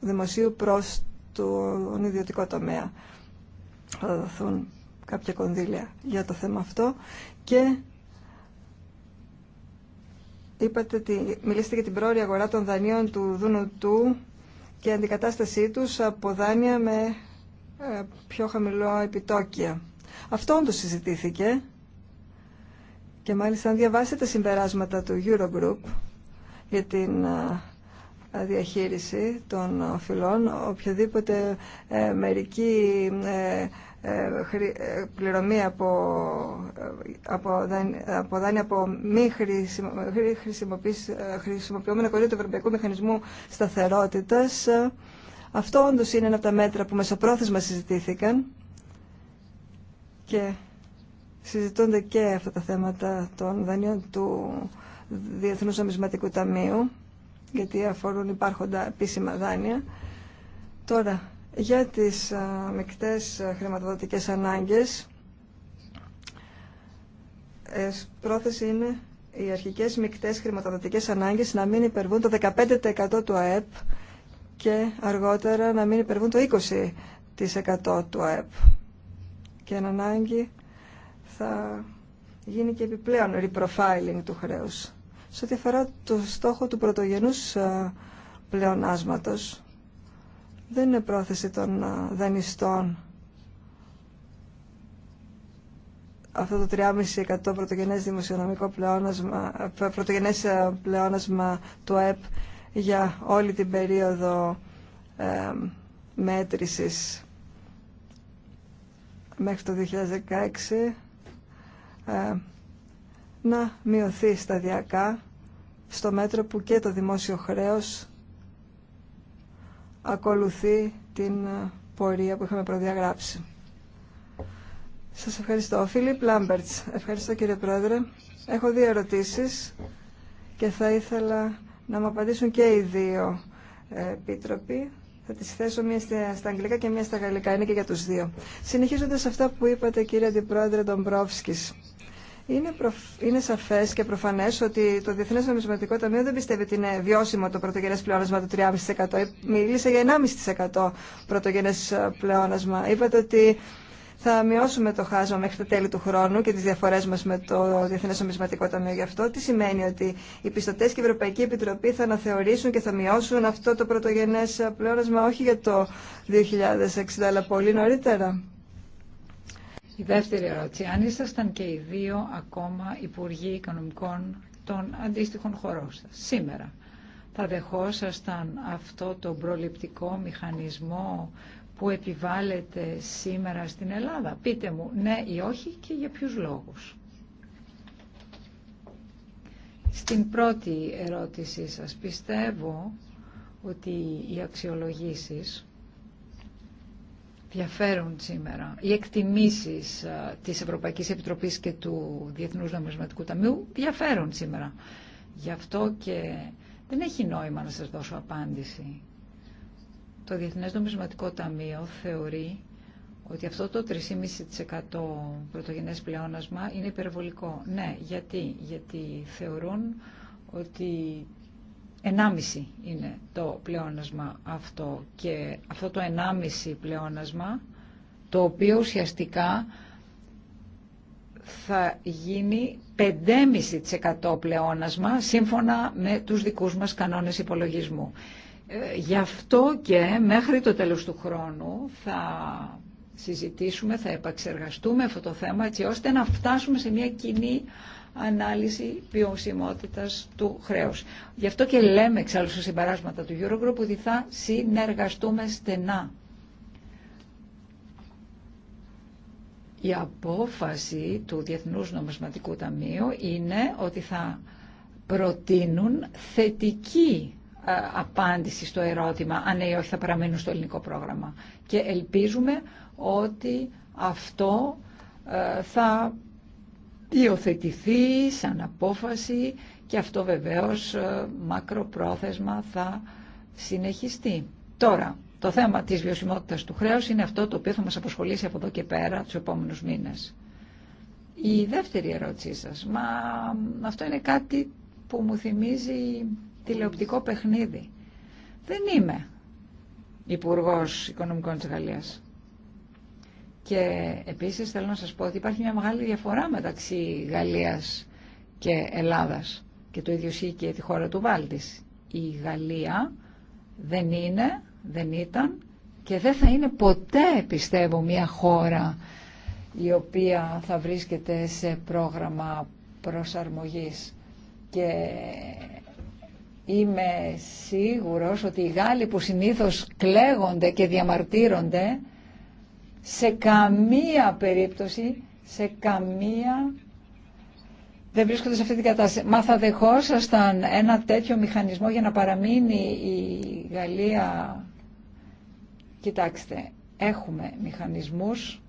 δημοσίου προς τον ιδιωτικό τομέα. Θα δοθούν κάποια κονδύλια για το θέμα αυτό και είπατε ότι μιλήσατε για την πρόορια αγορά των δανείων του Δουνουτού και αντικατάστασή τους από δάνεια με ε, πιο χαμηλό επιτόκια. Αυτό όντως συζητήθηκε και μάλιστα αν διαβάσετε συμπεράσματα του Eurogroup για την ε, διαχείριση των φυλών, οποιαδήποτε ε, μερική ε, ε, πληρωμή από, από, δάνει, από δάνεια από μη χρησιμοποιούμενα κολλή του Ευρωπαϊκού Μηχανισμού Σταθερότητας. Αυτό όντως είναι ένα από τα μέτρα που μεσοπρόθεσμα συζητήθηκαν και συζητούνται και αυτά τα θέματα των δανείων του Διεθνούς Νομισματικού Ταμείου γιατί αφορούν υπάρχοντα επίσημα δάνεια. Τώρα, για τις μεικτές χρηματοδοτικές ανάγκες, ε, πρόθεση είναι οι αρχικές μεικτές χρηματοδοτικές ανάγκες να μην υπερβούν το 15% του ΑΕΠ και αργότερα να μην υπερβούν το 20% του ΑΕΠ. Και ανάγκη θα γίνει και επιπλέον reprofiling του χρέους σε ό,τι αφορά το στόχο του πρωτογενούς ε, πλεονάσματος. Δεν είναι πρόθεση των ε, δανειστών αυτό το 3,5% πρωτογενές δημοσιονομικό πλεόνασμα, ε, πρωτογενές πλεόνασμα του ΕΠ για όλη την περίοδο ε, μέτρησης μέχρι το 2016 να μειωθεί σταδιακά στο μέτρο που και το δημόσιο χρέος ακολουθεί την πορεία που είχαμε προδιαγράψει. Σας ευχαριστώ. Ο Φίλιπ Λάμπερτς. Ευχαριστώ κύριε Πρόεδρε. Έχω δύο ερωτήσεις και θα ήθελα να μου απαντήσουν και οι δύο ε, επίτροποι. Θα τις θέσω μία στα αγγλικά και μία στα γαλλικά. Είναι και για τους δύο. Συνεχίζοντας αυτά που είπατε κύριε Αντιπρόεδρε Ντομπρόφσκης. Είναι, είναι σαφέ και προφανέ ότι το Διεθνέ Νομισματικό Ταμείο δεν πιστεύει ότι είναι βιώσιμο το πρωτογενέ πλεόνασμα του 3,5%. Μίλησε για 1,5% πρωτογενέ ε, πλεόνασμα. Είπατε ότι θα μειώσουμε το χάσμα μέχρι τα τέλη του χρόνου και τι διαφορέ μα με το Διεθνέ Νομισματικό Ταμείο. Γι' αυτό τι σημαίνει ότι οι πιστωτέ και η Ευρωπαϊκή Επιτροπή θα αναθεωρήσουν και θα μειώσουν αυτό το πρωτογενέ ε, πλεόνασμα όχι για το 2060, αλλά πολύ νωρίτερα. Η δεύτερη ερώτηση. Αν ήσασταν και οι δύο ακόμα Υπουργοί Οικονομικών των αντίστοιχων χωρών σας, σήμερα, θα δεχόσασταν αυτό το προληπτικό μηχανισμό που επιβάλλεται σήμερα στην Ελλάδα. Πείτε μου ναι ή όχι και για ποιους λόγους. Στην πρώτη ερώτησή σας πιστεύω ότι οι αξιολογήσεις διαφέρουν σήμερα. Οι εκτιμήσεις ε, της Ευρωπαϊκής Επιτροπής και του Διεθνούς Νομισματικού Ταμείου διαφέρουν σήμερα. Γι' αυτό και δεν έχει νόημα να σας δώσω απάντηση. Το Διεθνές Νομισματικό Ταμείο θεωρεί ότι αυτό το 3,5% πρωτογενές πλεόνασμα είναι υπερβολικό. Ναι, γιατί, γιατί θεωρούν ότι Ενάμιση είναι το πλεόνασμα αυτό και αυτό το ενάμιση πλεόνασμα το οποίο ουσιαστικά θα γίνει 5,5% πλεόνασμα σύμφωνα με τους δικούς μας κανόνες υπολογισμού. Ε, γι' αυτό και μέχρι το τέλος του χρόνου θα συζητήσουμε, θα επαξεργαστούμε αυτό το θέμα έτσι ώστε να φτάσουμε σε μια κοινή ανάλυση ποιοσιμότητας του χρέους. Γι' αυτό και λέμε εξάλλου στα συμπαράσματα του Eurogroup ότι θα συνεργαστούμε στενά. Η απόφαση του Διεθνούς Νομισματικού Ταμείου είναι ότι θα προτείνουν θετική ε, απάντηση στο ερώτημα αν ή όχι θα παραμείνουν στο ελληνικό πρόγραμμα. Και ελπίζουμε ότι αυτό ε, θα υιοθετηθεί σαν απόφαση και αυτό βεβαίως ε, μακροπρόθεσμα θα συνεχιστεί. Τώρα, το θέμα της βιωσιμότητας του χρέους είναι αυτό το οποίο θα μας απασχολήσει από εδώ και πέρα τους επόμενους μήνες. Η δεύτερη ερώτησή σας, μα αυτό είναι κάτι που μου θυμίζει τηλεοπτικό παιχνίδι. Δεν είμαι υπουργό Οικονομικών της Γαλλίας. Και επίσης θέλω να σας πω ότι υπάρχει μια μεγάλη διαφορά μεταξύ Γαλλίας και Ελλάδας και το ίδιο ισχύει και τη χώρα του Βάλτης. Η Γαλλία δεν είναι, δεν ήταν και δεν θα είναι ποτέ πιστεύω μια χώρα η οποία θα βρίσκεται σε πρόγραμμα προσαρμογής και είμαι σίγουρος ότι οι Γάλλοι που συνήθως κλαίγονται και διαμαρτύρονται σε καμία περίπτωση, σε καμία δεν βρίσκονται σε αυτή την κατάσταση. Μα θα δεχόσασταν ένα τέτοιο μηχανισμό για να παραμείνει η Γαλλία. Κοιτάξτε, έχουμε μηχανισμούς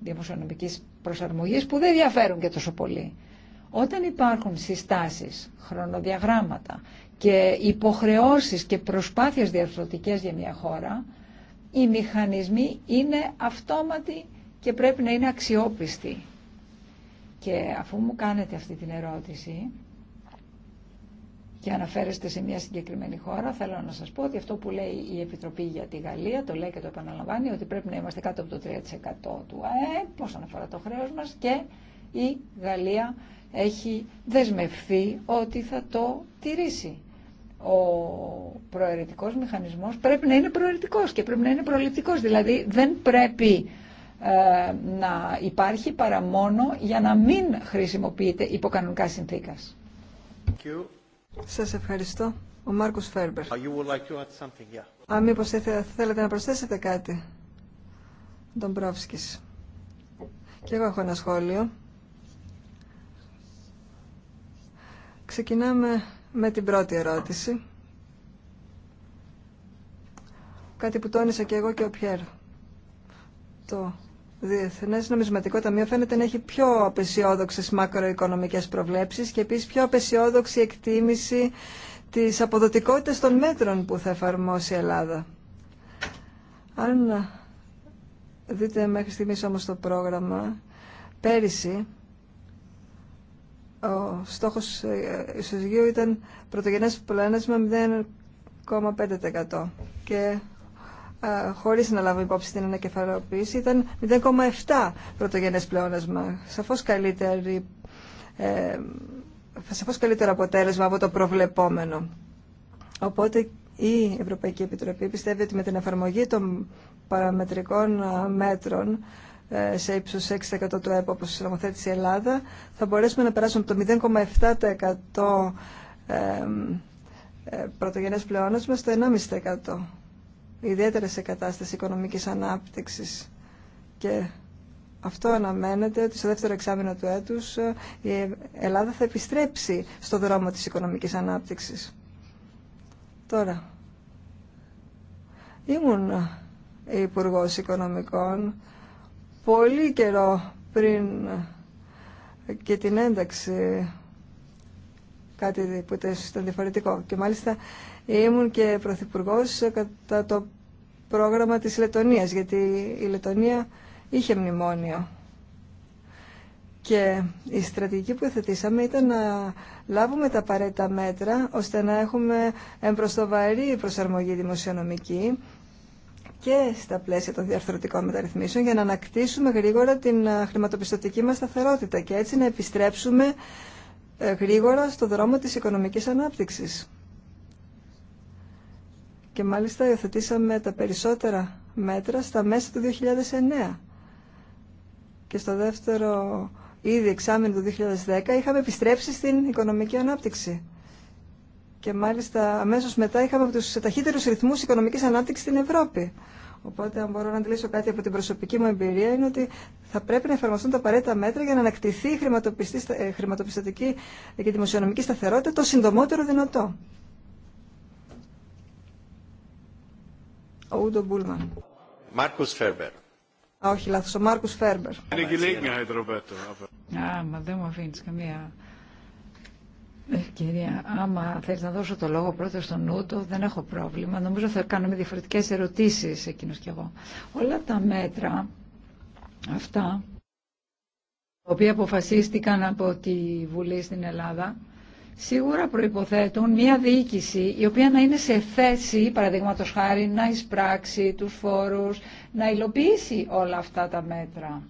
δημοσιονομικής προσαρμογής που δεν διαφέρουν και τόσο πολύ. Όταν υπάρχουν συστάσεις, χρονοδιαγράμματα και υποχρεώσεις και προσπάθειες διαρθρωτικές για μια χώρα, οι μηχανισμοί είναι αυτόματοι και πρέπει να είναι αξιόπιστοι. Και αφού μου κάνετε αυτή την ερώτηση και αναφέρεστε σε μια συγκεκριμένη χώρα, θέλω να σας πω ότι αυτό που λέει η Επιτροπή για τη Γαλλία, το λέει και το επαναλαμβάνει, ότι πρέπει να είμαστε κάτω από το 3% του ΑΕΠ, όσον αφορά το χρέος μας, και η Γαλλία έχει δεσμευθεί ότι θα το τηρήσει ο προαιρετικός μηχανισμός πρέπει να είναι προαιρετικός και πρέπει να είναι προληπτικός. Δηλαδή δεν πρέπει ε, να υπάρχει παρά μόνο για να μην χρησιμοποιείται υποκανονικά συνθήκας. Σας ευχαριστώ. Ο Μάρκος Φέρμπερ. Oh, Αν μήπως θέλετε να προσθέσετε κάτι. Τον Πρόφσκης. Και εγώ έχω ένα σχόλιο. Ξεκινάμε με την πρώτη ερώτηση. Κάτι που τόνισα και εγώ και ο Πιέρ. Το Διεθνέ Νομισματικό Ταμείο φαίνεται να έχει πιο απεσιόδοξε μακροοικονομικέ προβλέψει και επίση πιο απεσιόδοξη εκτίμηση της αποδοτικότητας των μέτρων που θα εφαρμόσει η Ελλάδα. Αν δείτε μέχρι στιγμής όμως το πρόγραμμα, πέρυσι ο στόχος ισοζυγίου ε, ε, ήταν πρωτογενές πλεόνασμα 0,5% και ε, χωρίς να λάβουμε υπόψη την ανακεφαλοποίηση ήταν 0,7 πρωτογενές πλεόνασμα. Σαφώς καλύτερη ε, σαφώς καλύτερο αποτέλεσμα από το προβλεπόμενο. Οπότε η Ευρωπαϊκή Επιτροπή πιστεύει ότι με την εφαρμογή των παραμετρικών μέτρων ε, σε ύψο 6% του ΕΠΟ, όπω συνομοθέτησε η Ελλάδα, θα μπορέσουμε να περάσουμε από το 0,7% ε, ε, πρωτογενέ πλεόνασμα στο 1,5%. Ιδιαίτερα σε κατάσταση οικονομικής ανάπτυξης. Και αυτό αναμένεται ότι στο δεύτερο εξάμεινο του έτους η Ελλάδα θα επιστρέψει στο δρόμο της οικονομικής ανάπτυξης. Τώρα, ήμουν υπουργό Οικονομικών πολύ καιρό πριν και την ένταξη κάτι που ήταν διαφορετικό. Και μάλιστα ήμουν και πρωθυπουργό κατά το πρόγραμμα της Λετωνίας, γιατί η Λετωνία είχε μνημόνιο. Και η στρατηγική που θετήσαμε ήταν να λάβουμε τα απαραίτητα μέτρα ώστε να έχουμε εμπροστοβαρή προσαρμογή δημοσιονομική και στα πλαίσια των διαρθρωτικών μεταρρυθμίσεων για να ανακτήσουμε γρήγορα την ε, χρηματοπιστωτική μας σταθερότητα και έτσι να επιστρέψουμε ε, γρήγορα στο δρόμο της οικονομικής ανάπτυξης. Και μάλιστα υιοθετήσαμε τα περισσότερα μέτρα στα μέσα του 2009. Και στο δεύτερο ήδη εξάμεινο του 2010 είχαμε επιστρέψει στην οικονομική ανάπτυξη. Και μάλιστα αμέσω μετά είχαμε από του ταχύτερου ρυθμού οικονομική ανάπτυξη στην Ευρώπη. Οπότε, αν μπορώ να αντιλήσω κάτι από την προσωπική μου εμπειρία, είναι ότι θα πρέπει να εφαρμοστούν τα απαραίτητα μέτρα για να ανακτηθεί η ε, χρηματοπιστωτική και δημοσιονομική σταθερότητα το συντομότερο δυνατό. Ο Ούντο Μπούλμαν. Μάρκο Φέρμπερ. όχι λάθο, ο Μάρκο Φέρμπερ. Είναι δεν μου αφήνει καμία ε, κυρία, άμα θέλει να δώσω το λόγο πρώτα στον Νούτο, δεν έχω πρόβλημα. Νομίζω θα κάνουμε διαφορετικές ερωτήσεις εκείνος κι εγώ. Όλα τα μέτρα αυτά, τα οποία αποφασίστηκαν από τη Βουλή στην Ελλάδα, σίγουρα προϋποθέτουν μια διοίκηση η οποία να είναι σε θέση, παραδείγματος χάρη, να εισπράξει τους φόρους, να υλοποιήσει όλα αυτά τα μέτρα.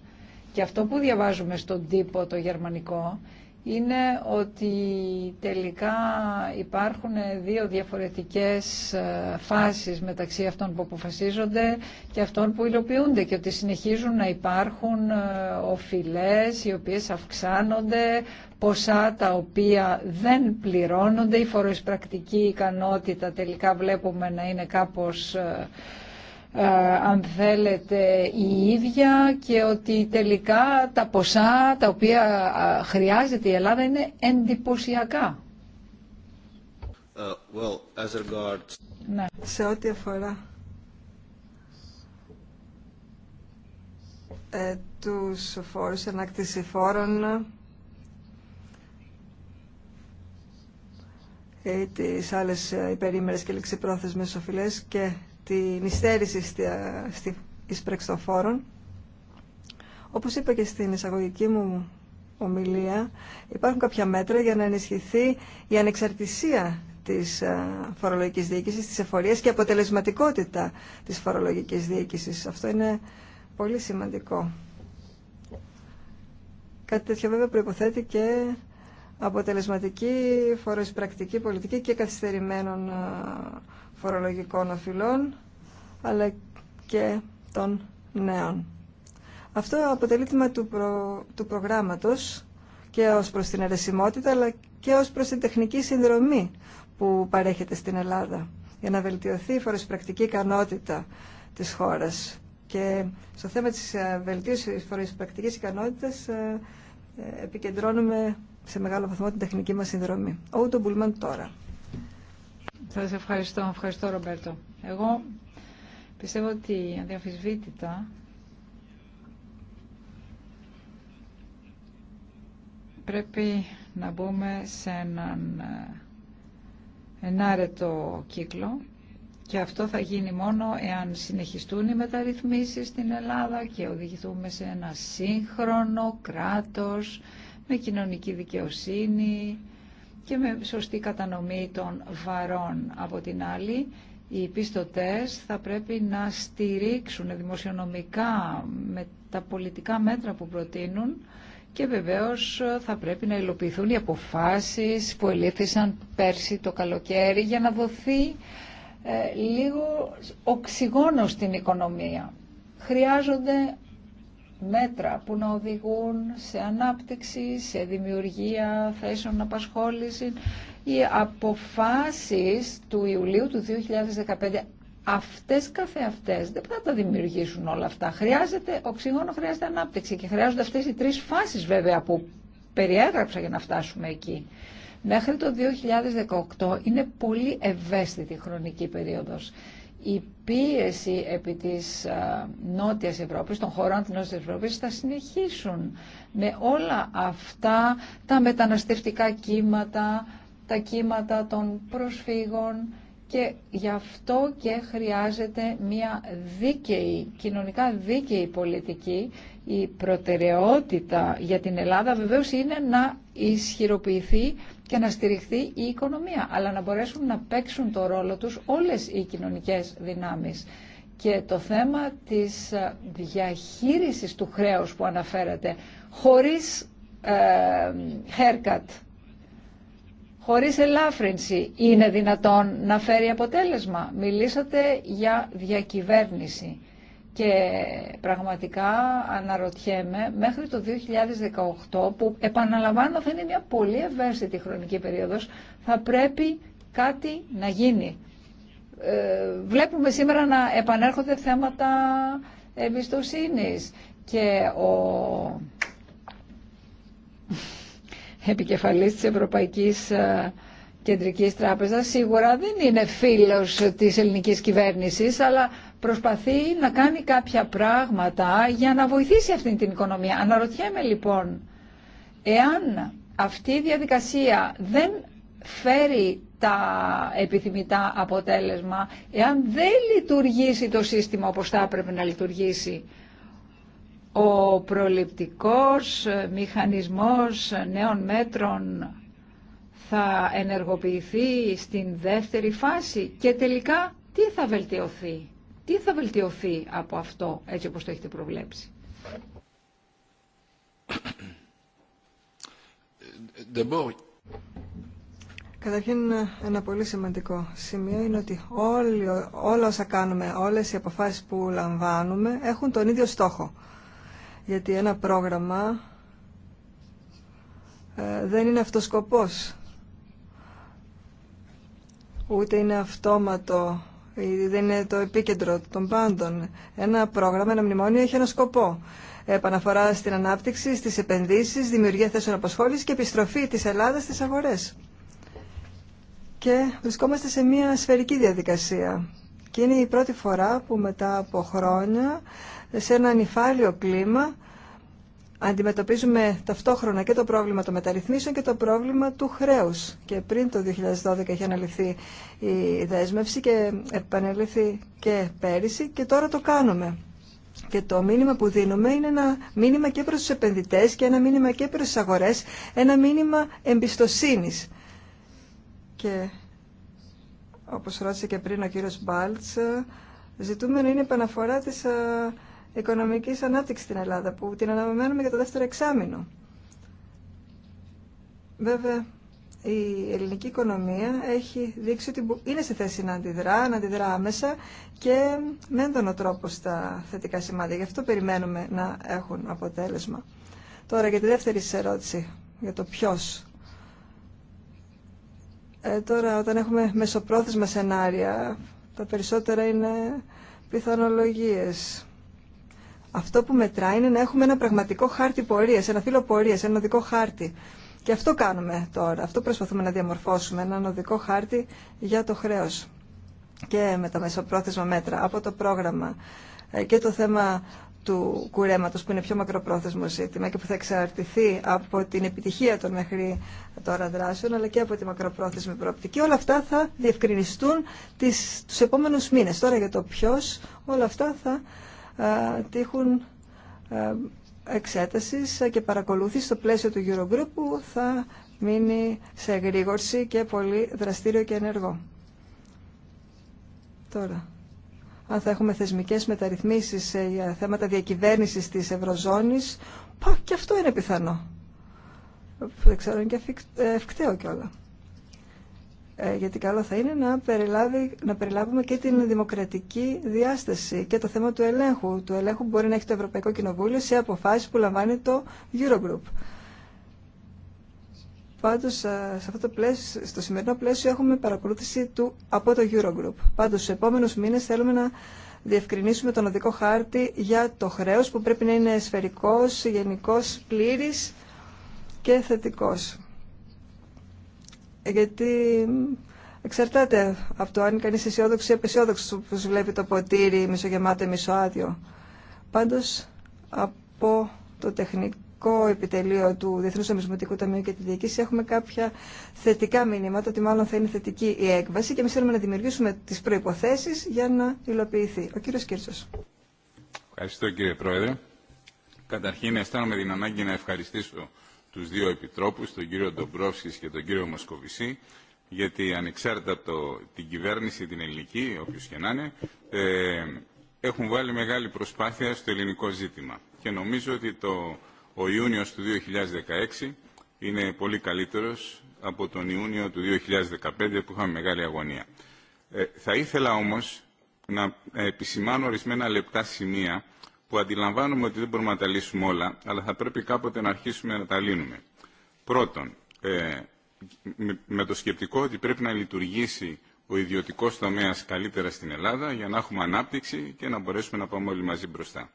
Και αυτό που διαβάζουμε στον τύπο το γερμανικό είναι ότι τελικά υπάρχουν δύο διαφορετικές ε, φάσεις μεταξύ αυτών που αποφασίζονται και αυτών που υλοποιούνται και ότι συνεχίζουν να υπάρχουν ε, οφειλές οι οποίες αυξάνονται, ποσά τα οποία δεν πληρώνονται, η φοροεισπρακτική ικανότητα τελικά βλέπουμε να είναι κάπως ε, ε, αν θέλετε, η ίδια και ότι τελικά τα ποσά τα οποία χρειάζεται η Ελλάδα είναι εντυπωσιακά. Ε, ναι. Σε ό,τι αφορά ε, τους φόρους φόρων ή ε, τις άλλες υπερήμερες και λεξιπρόθεσμες οφειλές και την υστέρηση στη πρεξοφόρων. Όπως είπα και στην εισαγωγική μου ομιλία, υπάρχουν κάποια μέτρα για να ενισχυθεί η ανεξαρτησία της ε, φορολογικής διοίκησης, της εφορίας και αποτελεσματικότητα της φορολογικής διοίκησης. Αυτό είναι πολύ σημαντικό. Κάτι τέτοιο βέβαια προϋποθέτει και αποτελεσματική φοροεισπρακτική πολιτική και καθυστερημένων ε, φορολογικών οφειλών αλλά και των νέων. Αυτό αποτελεί τίμα του, του προγράμματος και ως προς την αιρεσιμότητα αλλά και ως προς την τεχνική συνδρομή που παρέχεται στην Ελλάδα για να βελτιωθεί η φοροσπρακτική ικανότητα της χώρας. Και στο θέμα της ε, βελτίωσης της φοροσπρακτικής ικανότητας ε, ε, επικεντρώνουμε σε μεγάλο βαθμό την τεχνική μας συνδρομή. Ο Μπουλμάν τώρα. Σα ευχαριστώ. Ευχαριστώ, Ρομπέρτο. Εγώ πιστεύω ότι αδιαφυσβήτητα πρέπει να μπούμε σε έναν ενάρετο κύκλο και αυτό θα γίνει μόνο εάν συνεχιστούν οι μεταρρυθμίσεις στην Ελλάδα και οδηγηθούμε σε ένα σύγχρονο κράτος με κοινωνική δικαιοσύνη, και με σωστή κατανομή των βαρών. Από την άλλη, οι πιστωτές θα πρέπει να στηρίξουν δημοσιονομικά με τα πολιτικά μέτρα που προτείνουν και βεβαίως θα πρέπει να υλοποιηθούν οι αποφάσεις που ελήφθησαν πέρσι το καλοκαίρι για να δοθεί ε, λίγο οξυγόνο στην οικονομία. Χρειάζονται μέτρα που να οδηγούν σε ανάπτυξη, σε δημιουργία θέσεων απασχόληση. Οι αποφάσεις του Ιουλίου του 2015 αυτές καθεαυτές δεν θα τα δημιουργήσουν όλα αυτά. Χρειάζεται οξυγόνο, χρειάζεται ανάπτυξη και χρειάζονται αυτές οι τρεις φάσεις βέβαια που περιέγραψα για να φτάσουμε εκεί. Μέχρι το 2018 είναι πολύ ευαίσθητη χρονική περίοδος η πίεση επί της Νότιας Ευρώπης, των χωρών της Νότιας Ευρώπης θα συνεχίσουν με όλα αυτά τα μεταναστευτικά κύματα, τα κύματα των προσφύγων και γι' αυτό και χρειάζεται μια δίκαιη, κοινωνικά δίκαιη πολιτική. Η προτεραιότητα για την Ελλάδα βεβαίως είναι να ισχυροποιηθεί και να στηριχθεί η οικονομία, αλλά να μπορέσουν να παίξουν το ρόλο τους όλες οι κοινωνικές δυνάμεις. Και το θέμα της ε, διαχείρισης του χρέους που αναφέρατε, χωρίς ε, haircut, χωρίς ελάφρυνση, είναι δυνατόν να φέρει αποτέλεσμα. Μιλήσατε για διακυβέρνηση. Και πραγματικά αναρωτιέμαι μέχρι το 2018 που επαναλαμβάνω θα είναι μια πολύ ευαίσθητη χρονική περίοδος θα πρέπει κάτι να γίνει. Ε, βλέπουμε σήμερα να επανέρχονται θέματα εμπιστοσύνης και ο επικεφαλής της Ευρωπαϊκής ε, Κεντρικής Τράπεζας σίγουρα δεν είναι φίλος της ελληνικής κυβέρνησης αλλά προσπαθεί να κάνει κάποια πράγματα για να βοηθήσει αυτή την οικονομία. Αναρωτιέμαι λοιπόν, εάν αυτή η διαδικασία δεν φέρει τα επιθυμητά αποτέλεσμα, εάν δεν λειτουργήσει το σύστημα όπως θα έπρεπε να λειτουργήσει, ο προληπτικός μηχανισμός νέων μέτρων θα ενεργοποιηθεί στην δεύτερη φάση και τελικά τι θα βελτιωθεί. Τι θα βελτιωθεί από αυτό έτσι όπως το έχετε προβλέψει. Καταρχήν ένα πολύ σημαντικό σημείο είναι ότι όλοι, όλα όσα κάνουμε, όλες οι αποφάσεις που λαμβάνουμε έχουν τον ίδιο στόχο. Γιατί ένα πρόγραμμα ε, δεν είναι αυτός σκοπός. Ούτε είναι αυτόματο δεν είναι το επίκεντρο των πάντων. Ένα πρόγραμμα, ένα μνημόνιο έχει ένα σκοπό. Επαναφορά στην ανάπτυξη, στις επενδύσεις, δημιουργία θέσεων απασχόληση και επιστροφή της Ελλάδας στις αγορέ. Και βρισκόμαστε σε μια σφαιρική διαδικασία. Και είναι η πρώτη φορά που μετά από χρόνια, σε ένα νυφάλιο κλίμα, αντιμετωπίζουμε ταυτόχρονα και το πρόβλημα των μεταρρυθμίσεων και το πρόβλημα του χρέους. Και πριν το 2012 είχε αναλυθεί η δέσμευση και επανελήφθη και πέρυσι και τώρα το κάνουμε. Και το μήνυμα που δίνουμε είναι ένα μήνυμα και προς τους επενδυτές και ένα μήνυμα και προς τις αγορές, ένα μήνυμα εμπιστοσύνης. Και όπως ρώτησε και πριν ο κύριος Μπάλτς, ζητούμενο είναι επαναφορά της ε, Οικονομική ανάπτυξη στην Ελλάδα που την αναμένουμε για το δεύτερο εξάμεινο. Βέβαια, η ελληνική οικονομία έχει δείξει ότι είναι σε θέση να αντιδρά, να αντιδρά άμεσα και με έντονο τρόπο στα θετικά σημάδια. Γι' αυτό περιμένουμε να έχουν αποτέλεσμα. Τώρα για τη δεύτερη ερώτηση, για το ποιο. Ε, τώρα όταν έχουμε μεσοπρόθεσμα σενάρια, τα περισσότερα είναι πιθανολογίες. Αυτό που μετρά είναι να έχουμε ένα πραγματικό χάρτη πορεία, ένα φύλλο πορεία, ένα οδικό χάρτη. Και αυτό κάνουμε τώρα. Αυτό προσπαθούμε να διαμορφώσουμε, Ένα οδικό χάρτη για το χρέο και με τα μεσοπρόθεσμα μέτρα από το πρόγραμμα ε, και το θέμα του κουρέματος που είναι πιο μακροπρόθεσμο ζήτημα και που θα εξαρτηθεί από την επιτυχία των μέχρι τώρα δράσεων αλλά και από τη μακροπρόθεσμη προοπτική. Όλα αυτά θα διευκρινιστούν τις, τους επόμενους μήνες. Τώρα για το ποιο όλα αυτά θα ε, τύχουν ε, εξέτασης και παρακολούθηση στο πλαίσιο του Eurogroup που θα μείνει σε εγρήγορση και πολύ δραστήριο και ενεργό. Τώρα, αν θα έχουμε θεσμικές μεταρρυθμίσεις ε, για θέματα διακυβέρνησης της Ευρωζώνης, πα, και αυτό είναι πιθανό. Δεν ξέρω, είναι και ευκταίο κιόλα. Ε, γιατί καλό θα είναι να, περιλάβει, να περιλάβουμε και την δημοκρατική διάσταση και το θέμα του ελέγχου. Του ελέγχου μπορεί να έχει το Ευρωπαϊκό Κοινοβούλιο σε αποφάσεις που λαμβάνει το Eurogroup. Πάντω ε, σε αυτό το πλαίσιο, στο σημερινό πλαίσιο έχουμε παρακολούθηση του από το Eurogroup. Πάντως, στους επόμενους μήνες θέλουμε να διευκρινίσουμε τον οδικό χάρτη για το χρέος που πρέπει να είναι σφαιρικό, γενικός, πλήρης και θετικός γιατί εξαρτάται από το αν κανείς αισιόδοξο ή απεσιόδοξο όπως βλέπει το ποτήρι μισογεμάτο ή μισοάδιο. Πάντως από το τεχνικό επιτελείο του Διεθνούς Νομισματικού Ταμείου και τη Διοίκηση έχουμε κάποια θετικά μηνύματα ότι μάλλον θα είναι θετική η έκβαση και εμείς θέλουμε να δημιουργήσουμε τις προϋποθέσεις για να υλοποιηθεί. Ο κύριος Κύρτσος. Ευχαριστώ κύριε Πρόεδρε. Καταρχήν αισθάνομαι την ανάγκη να ευχαριστήσω τους δύο επιτρόπους, τον κύριο Ντομπρόφσκης και τον κύριο Μοσκοβισή, γιατί ανεξάρτητα από το, την κυβέρνηση, την ελληνική, όποιος και να είναι, ε, έχουν βάλει μεγάλη προσπάθεια στο ελληνικό ζήτημα. Και νομίζω ότι το, ο Ιούνιος του 2016 είναι πολύ καλύτερος από τον Ιούνιο του 2015 που είχαμε μεγάλη αγωνία. Ε, θα ήθελα όμως να επισημάνω ορισμένα λεπτά σημεία που αντιλαμβάνομαι ότι δεν μπορούμε να τα λύσουμε όλα, αλλά θα πρέπει κάποτε να αρχίσουμε να τα λύνουμε. Πρώτον, ε, με το σκεπτικό ότι πρέπει να λειτουργήσει ο ιδιωτικό τομέα καλύτερα στην Ελλάδα για να έχουμε ανάπτυξη και να μπορέσουμε να πάμε όλοι μαζί μπροστά.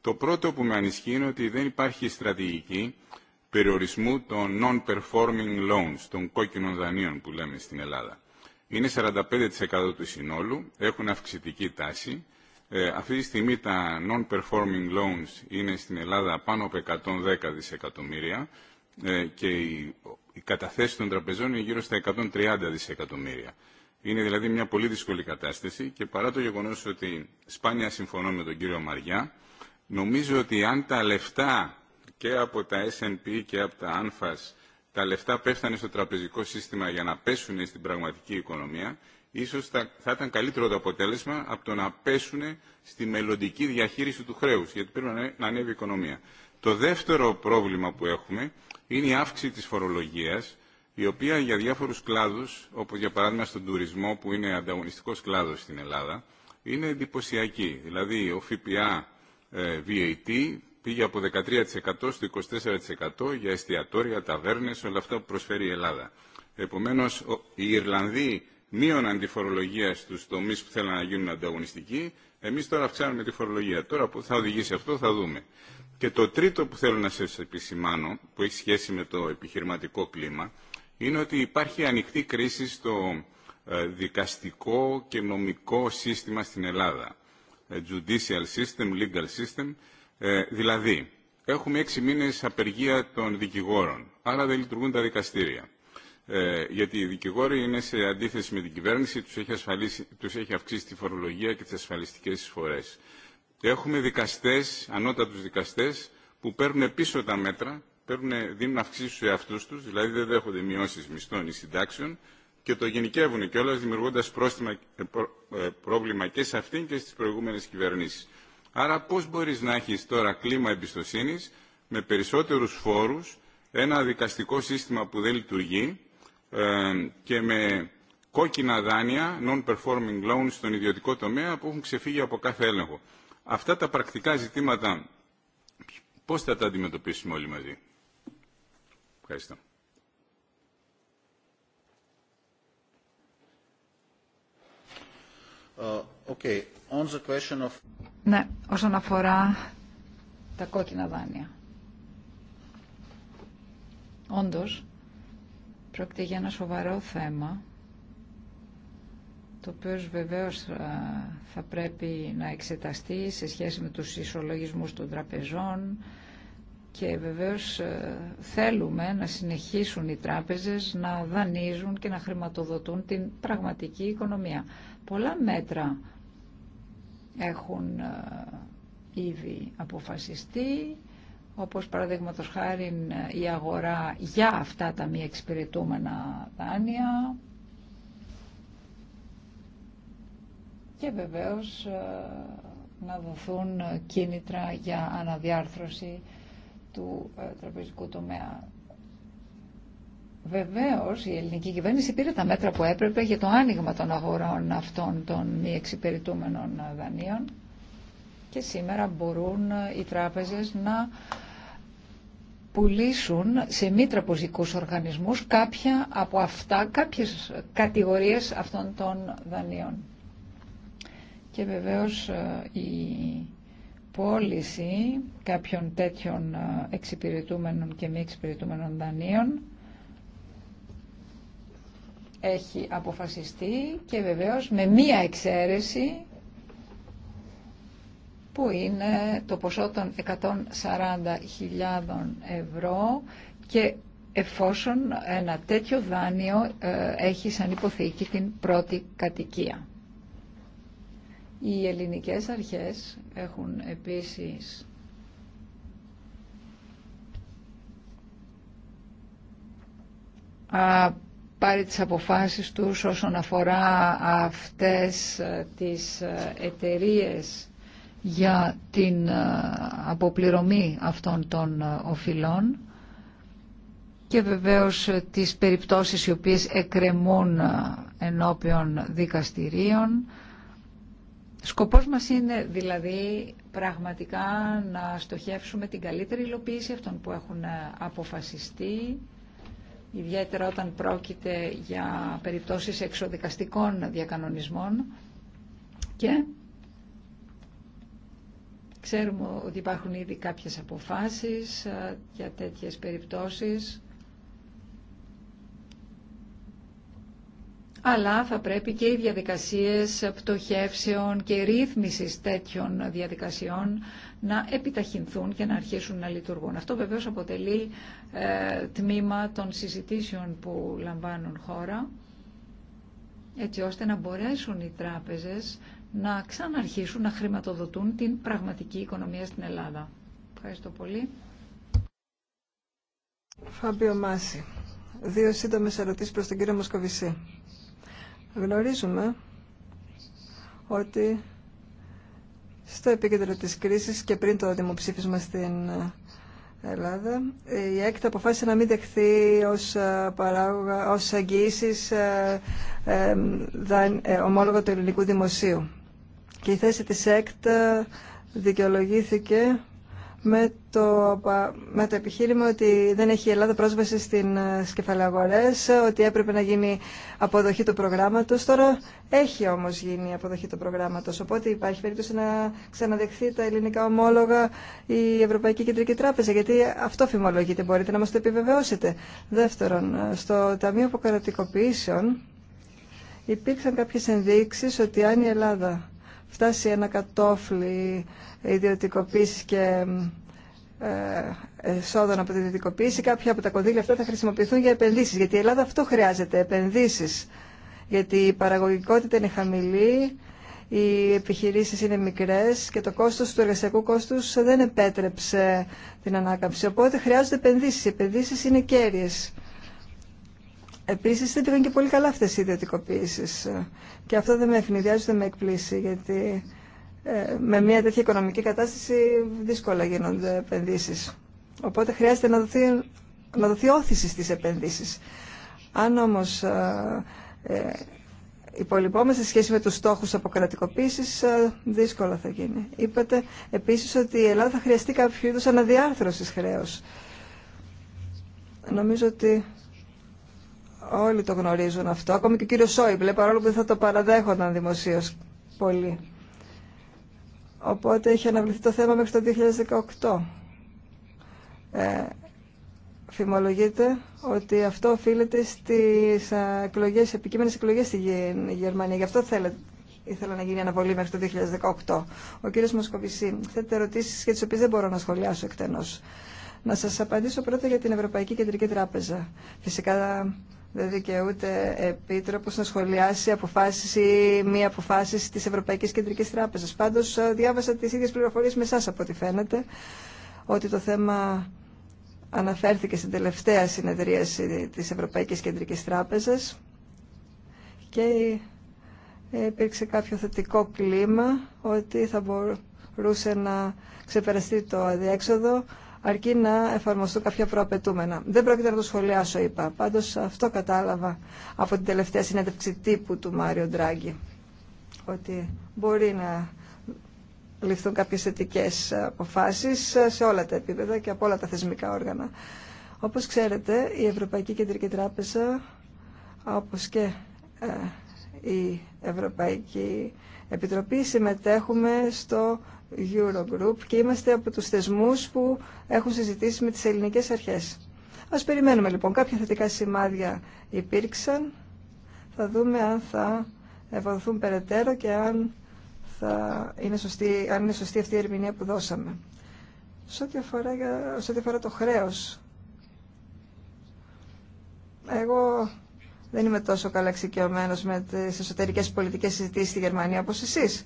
Το πρώτο που με ανισχύει είναι ότι δεν υπάρχει στρατηγική περιορισμού των non-performing loans, των κόκκινων δανείων που λέμε στην Ελλάδα. Είναι 45% του συνόλου, έχουν αυξητική τάση ε, αυτή τη στιγμή τα non-performing loans είναι στην Ελλάδα πάνω από 110 δισεκατομμύρια ε, και η η των τραπεζών είναι γύρω στα 130 δισεκατομμύρια. Είναι δηλαδή μια πολύ δύσκολη κατάσταση και παρά το γεγονός ότι σπάνια συμφωνώ με τον κύριο Μαριά, νομίζω ότι αν τα λεφτά και από τα S&P και από τα ANFAS τα λεφτά πέφτανε στο τραπεζικό σύστημα για να πέσουν στην πραγματική οικονομία, ίσως θα, ήταν καλύτερο το αποτέλεσμα από το να πέσουν στη μελλοντική διαχείριση του χρέους, γιατί πρέπει να, ανέβει η οικονομία. Το δεύτερο πρόβλημα που έχουμε είναι η αύξηση της φορολογίας, η οποία για διάφορους κλάδους, όπως για παράδειγμα στον τουρισμό που είναι ανταγωνιστικός κλάδος στην Ελλάδα, είναι εντυπωσιακή. Δηλαδή ο ΦΠΑ VAT ε, πήγε από 13% στο 24% για εστιατόρια, ταβέρνες, όλα αυτά που προσφέρει η Ελλάδα. Επομένως, οι Ιρλανδοί μείωναν τη φορολογία στου τομεί που θέλουν να γίνουν ανταγωνιστικοί, εμεί τώρα αυξάνουμε τη φορολογία. Τώρα που θα οδηγήσει αυτό θα δούμε. Και το τρίτο που θέλω να σα επισημάνω, που έχει σχέση με το επιχειρηματικό κλίμα, είναι ότι υπάρχει ανοιχτή κρίση στο ε, δικαστικό και νομικό σύστημα στην Ελλάδα. Ε, judicial system, legal system. Ε, δηλαδή, έχουμε έξι μήνες απεργία των δικηγόρων, άρα δεν λειτουργούν τα δικαστήρια ε, γιατί οι δικηγόροι είναι σε αντίθεση με την κυβέρνηση, τους έχει, ασφαλίσει, τους έχει αυξήσει τη φορολογία και τις ασφαλιστικές εισφορές. Έχουμε δικαστές, ανώτατους δικαστές, που παίρνουν πίσω τα μέτρα, παίρνουν, δίνουν αυξήσεις σε αυτούς τους, δηλαδή δεν δέχονται μειώσεις μισθών ή συντάξεων, και το γενικεύουν κιόλα δημιουργώντα ε, ε, πρόβλημα και σε αυτήν και στις προηγούμενες κυβερνήσεις. Άρα, πώς μπορείς να έχεις τώρα κλίμα εμπιστοσύνης με περισσότερους φόρους, ένα δικαστικό σύστημα που δεν λειτουργεί, και με κόκκινα δάνεια, non-performing loans στον ιδιωτικό τομέα που έχουν ξεφύγει από κάθε έλεγχο. Αυτά τα πρακτικά ζητήματα πώς θα τα αντιμετωπίσουμε όλοι μαζί. Ευχαριστώ. Uh, okay. On the question of... Ναι, όσον αφορά τα κόκκινα δάνεια. Όντως, Πρόκειται για ένα σοβαρό θέμα, το οποίο βεβαίως θα πρέπει να εξεταστεί σε σχέση με τους ισολογισμούς των τραπεζών και βεβαίως θέλουμε να συνεχίσουν οι τράπεζες να δανείζουν και να χρηματοδοτούν την πραγματική οικονομία. Πολλά μέτρα έχουν ήδη αποφασιστεί όπως παραδείγματος χάρη η αγορά για αυτά τα μη εξυπηρετούμενα δάνεια και βεβαίως ε, να δοθούν κίνητρα για αναδιάρθρωση του ε, τραπεζικού τομέα. Βεβαίως η ελληνική κυβέρνηση πήρε τα μέτρα που έπρεπε για το άνοιγμα των αγορών αυτών των μη εξυπηρετούμενων δανείων και σήμερα μπορούν οι τράπεζες να πουλήσουν σε μη τραπεζικούς οργανισμούς κάποια από αυτά, κάποιες κατηγορίες αυτών των δανείων. Και βεβαίως ε, η πώληση κάποιων τέτοιων ε, εξυπηρετούμενων και μη εξυπηρετούμενων δανείων έχει αποφασιστεί και βεβαίως με μία εξαίρεση που είναι το ποσό των 140.000 ευρώ και εφόσον ένα τέτοιο δάνειο ε, έχει σαν υποθήκη την πρώτη κατοικία. Οι ελληνικές αρχές έχουν επίσης πάρει τις αποφάσεις τους όσον αφορά αυτές ε, τις ε, εταιρείες για την ε, αποπληρωμή αυτών των ε, οφειλών και βεβαίως ε, τις περιπτώσεις οι οποίες εκκρεμούν ενώπιον δικαστηρίων. Σκοπός μας είναι δηλαδή πραγματικά να στοχεύσουμε την καλύτερη υλοποίηση αυτών που έχουν αποφασιστεί, ιδιαίτερα όταν πρόκειται για περιπτώσεις εξοδικαστικών διακανονισμών και Ξέρουμε ότι υπάρχουν ήδη κάποιες αποφάσεις ε, για τέτοιες περιπτώσεις. Αλλά θα πρέπει και οι διαδικασίες πτωχεύσεων και ρύθμισης τέτοιων διαδικασιών να επιταχυνθούν και να αρχίσουν να λειτουργούν. Αυτό βεβαίως αποτελεί ε, τμήμα των συζητήσεων που λαμβάνουν χώρα, έτσι ώστε να μπορέσουν οι τράπεζες να ξαναρχίσουν να χρηματοδοτούν την πραγματική οικονομία στην Ελλάδα. Ευχαριστώ πολύ. Φάμπιο Μάση. Δύο σύντομες ερωτήσεις προς τον κύριο Μοσκοβισή. Γνωρίζουμε ότι στο επίκεντρο της κρίσης και πριν το δημοψήφισμα στην Ελλάδα, η ΕΚΤ αποφάσισε να μην δεχθεί ως, ε, παράγωγα, ως αγγίσεις ε, ε, ε ομόλογα του ελληνικού δημοσίου. Και η θέση της ΕΚΤ ε, δικαιολογήθηκε με το, με το επιχείρημα ότι δεν έχει η Ελλάδα πρόσβαση στην σκεφαλαγορές, ε, ε, ότι έπρεπε να γίνει αποδοχή του προγράμματος. Τώρα έχει όμως γίνει αποδοχή του προγράμματος, οπότε υπάρχει περίπτωση να ξαναδεχθεί τα ελληνικά ομόλογα η Ευρωπαϊκή Κεντρική Τράπεζα, γιατί αυτό φημολογείται, μπορείτε να μας το επιβεβαιώσετε. Δεύτερον, στο Ταμείο Αποκαρατικοποιήσεων υπήρξαν κάποιες ενδείξεις ότι αν η Ελλάδα φτάσει ένα κατόφλι ιδιωτικοποίηση και ε, εσόδων από την ιδιωτικοποίηση, κάποια από τα κονδύλια αυτά θα χρησιμοποιηθούν για επενδύσεις. Γιατί η Ελλάδα αυτό χρειάζεται, επενδύσεις. Γιατί η παραγωγικότητα είναι χαμηλή, οι επιχειρήσεις είναι μικρές και το κόστος του εργασιακού κόστους δεν επέτρεψε την ανάκαμψη. Οπότε χρειάζονται επενδύσεις. Οι επενδύσεις είναι κέρυες. Επίση δεν πήγαν και πολύ καλά αυτέ οι ιδιωτικοποιήσει. και αυτό δεν με ευνηδιάζει, δεν με εκπλήσει γιατί ε, με μια τέτοια οικονομική κατάσταση δύσκολα γίνονται επενδύσει. Οπότε χρειάζεται να δοθεί, να δοθεί όθηση στι επενδύσει. Αν όμω, ε, ε σε σχέση με τους στόχους αποκρατικοποίηση, ε, δύσκολα θα γίνει. Είπατε επίση ότι η Ελλάδα θα χρειαστεί κάποιο είδου αναδιάρθρωσης χρέου. Νομίζω ότι Όλοι το γνωρίζουν αυτό. Ακόμη και ο κύριο Σόιμπλε, παρόλο που δεν θα το παραδέχονταν δημοσίω πολύ. Οπότε έχει αναβληθεί το θέμα μέχρι το 2018. Ε, φημολογείται ότι αυτό οφείλεται στις εκλογές, επικείμενες εκλογές στη Γερμανία. Γι' αυτό θέλετε, ήθελα να γίνει αναβολή μέχρι το 2018. Ο κύριος Μοσκοβισή, θέτε ερωτήσει για τι οποίε δεν μπορώ να σχολιάσω εκτενώς. Να σα απαντήσω πρώτα για την Ευρωπαϊκή Κεντρική Τράπεζα. Φυσικά δεν δικαιούται επίτροπος να σχολιάσει αποφάσεις ή μη αποφάσεις της Ευρωπαϊκής Κεντρικής Τράπεζας. Πάντως ε, διάβασα τις ίδιες πληροφορίες με εσάς από ό,τι φαίνεται ότι το θέμα αναφέρθηκε στην τελευταία συνεδρίαση της Ευρωπαϊκής Κεντρικής Τράπεζας και υπήρξε κάποιο θετικό κλίμα ότι θα μπορούσε να ξεπεραστεί το αδιέξοδο αρκεί να εφαρμοστούν κάποια προαπαιτούμενα. Δεν πρόκειται να το σχολιάσω, είπα. Πάντως αυτό κατάλαβα από την τελευταία συνέντευξη τύπου του Μάριο Ντράγκη, ότι μπορεί να ληφθούν κάποιες θετικέ αποφάσεις σε όλα τα επίπεδα και από όλα τα θεσμικά όργανα. Όπως ξέρετε, η Ευρωπαϊκή Κεντρική Τράπεζα, όπως και ε, η Ευρωπαϊκή Επιτροπή συμμετέχουμε στο Eurogroup και είμαστε από τους θεσμούς που έχουν συζητήσει με τις ελληνικές αρχές. Ας περιμένουμε λοιπόν. Κάποια θετικά σημάδια υπήρξαν. Θα δούμε αν θα ευοδοθούν περαιτέρω και αν, θα είναι, σωστή, αν είναι σωστή αυτή η ερμηνεία που δώσαμε. Σε ό,τι αφορά, σε το χρέος, εγώ δεν είμαι τόσο καλά εξοικειωμένο με τις εσωτερικές πολιτικές συζητήσεις στη Γερμανία όπω εσείς.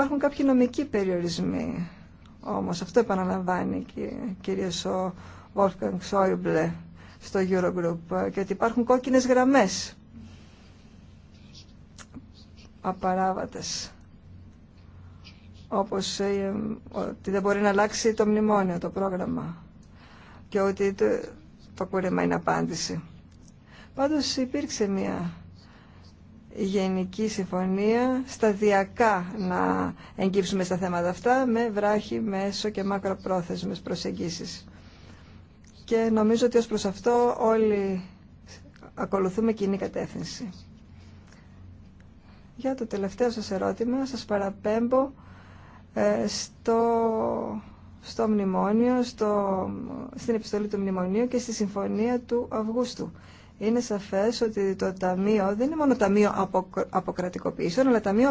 Υπάρχουν κάποιοι νομικοί περιορισμοί όμως. Αυτό επαναλαμβάνει κυρίως ο Wolfgang Schäuble στο Eurogroup και ότι υπάρχουν κόκκινες γραμμές απαράβατες όπως ε, ότι δεν μπορεί να αλλάξει το μνημόνιο, το πρόγραμμα και ότι το, το κούρεμα είναι απάντηση. Πάντως υπήρξε μια η γενική συμφωνία σταδιακά να εγκύψουμε στα θέματα αυτά με βράχη, μέσο και μακροπρόθεσμες προσεγγίσεις. Και νομίζω ότι ως προς αυτό όλοι ακολουθούμε κοινή κατεύθυνση. Για το τελευταίο σας ερώτημα σας παραπέμπω ε, στο, στο μνημόνιο, στο, στην επιστολή του μνημονίου και στη συμφωνία του Αυγούστου είναι σαφές ότι το Ταμείο δεν είναι μόνο Ταμείο Αποκρατικοποιήσεων, αλλά Ταμείο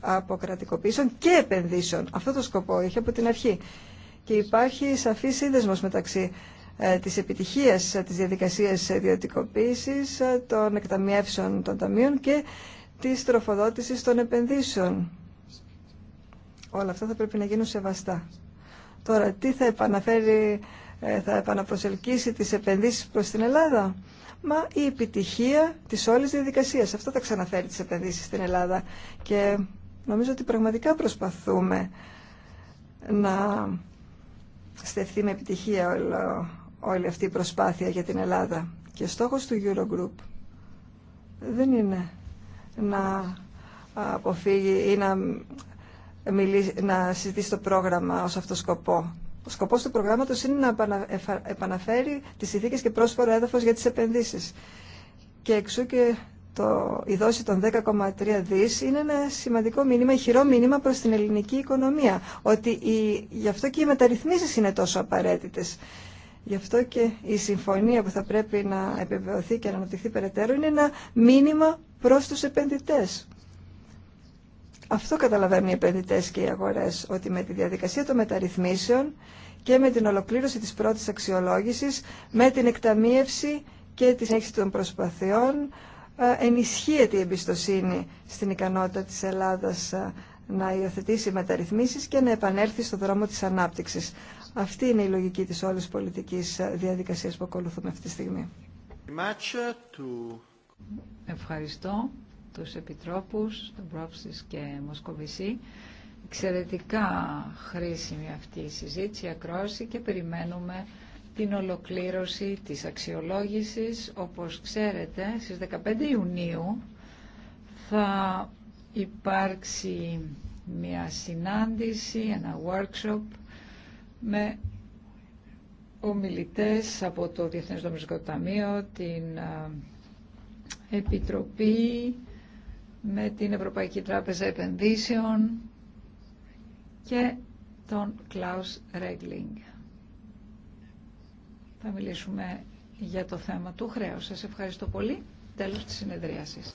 Αποκρατικοποιήσεων και Επενδύσεων. Αυτό το σκοπό είχε από την αρχή. Και υπάρχει σαφή σύνδεσμος μεταξύ ε, της επιτυχίας ε, της διαδικασίας ιδιωτικοποίησης ε, των εκταμιεύσεων των ταμείων και της τροφοδότησης των επενδύσεων. Όλα αυτά θα πρέπει να γίνουν σεβαστά. Τώρα, τι θα επαναφέρει, θα επαναπροσελκύσει τις επενδύσεις προς την Ελλάδα μα η επιτυχία της όλης διαδικασία. Αυτό τα ξαναφέρει τι επενδύσει στην Ελλάδα και νομίζω ότι πραγματικά προσπαθούμε να στεφθεί με επιτυχία όλο, όλη αυτή η προσπάθεια για την Ελλάδα. Και στόχος του Eurogroup δεν είναι να αποφύγει ή να, να συζητήσει το πρόγραμμα ως αυτό σκοπό. Ο σκοπό του προγράμματο είναι να επαναφέρει τι ηθίκε και πρόσφορο έδαφο για τι επενδύσει. Και εξού και το, η δόση των 10,3 δις είναι ένα σημαντικό μήνυμα, χειρό μήνυμα προς την ελληνική οικονομία. Ότι η, γι' αυτό και οι μεταρρυθμίσει είναι τόσο απαραίτητες. Γι' αυτό και η συμφωνία που θα πρέπει να επιβεβαιωθεί και να αναπτυχθεί περαιτέρω είναι ένα μήνυμα προς τους επενδυτές. Αυτό καταλαβαίνουν οι επενδυτέ και οι αγορέ, ότι με τη διαδικασία των μεταρρυθμίσεων και με την ολοκλήρωση τη πρώτη αξιολόγηση, με την εκταμείευση και τη συνέχιση των προσπαθειών, ε, ενισχύεται η εμπιστοσύνη στην ικανότητα της Ελλάδας ε, να υιοθετήσει μεταρρυθμίσεις και να επανέλθει στον δρόμο της ανάπτυξης. Αυτή είναι η λογική της όλης πολιτικής ε, διαδικασίας που ακολουθούμε αυτή τη στιγμή. Ευχαριστώ τους επιτρόπους, τον πρόψης και Μοσκοβισή. Εξαιρετικά χρήσιμη αυτή η συζήτηση, η και περιμένουμε την ολοκλήρωση της αξιολόγησης. Όπως ξέρετε, στις 15 Ιουνίου θα υπάρξει μια συνάντηση, ένα workshop με ομιλητές από το Διεθνές Νομιστικό Ταμείο, την ε, Επιτροπή με την Ευρωπαϊκή Τράπεζα Επενδύσεων και τον Κλάους Ρέγκλινγκ. Θα μιλήσουμε για το θέμα του χρέους. Σας ευχαριστώ πολύ. Τέλος της συνεδρίασης.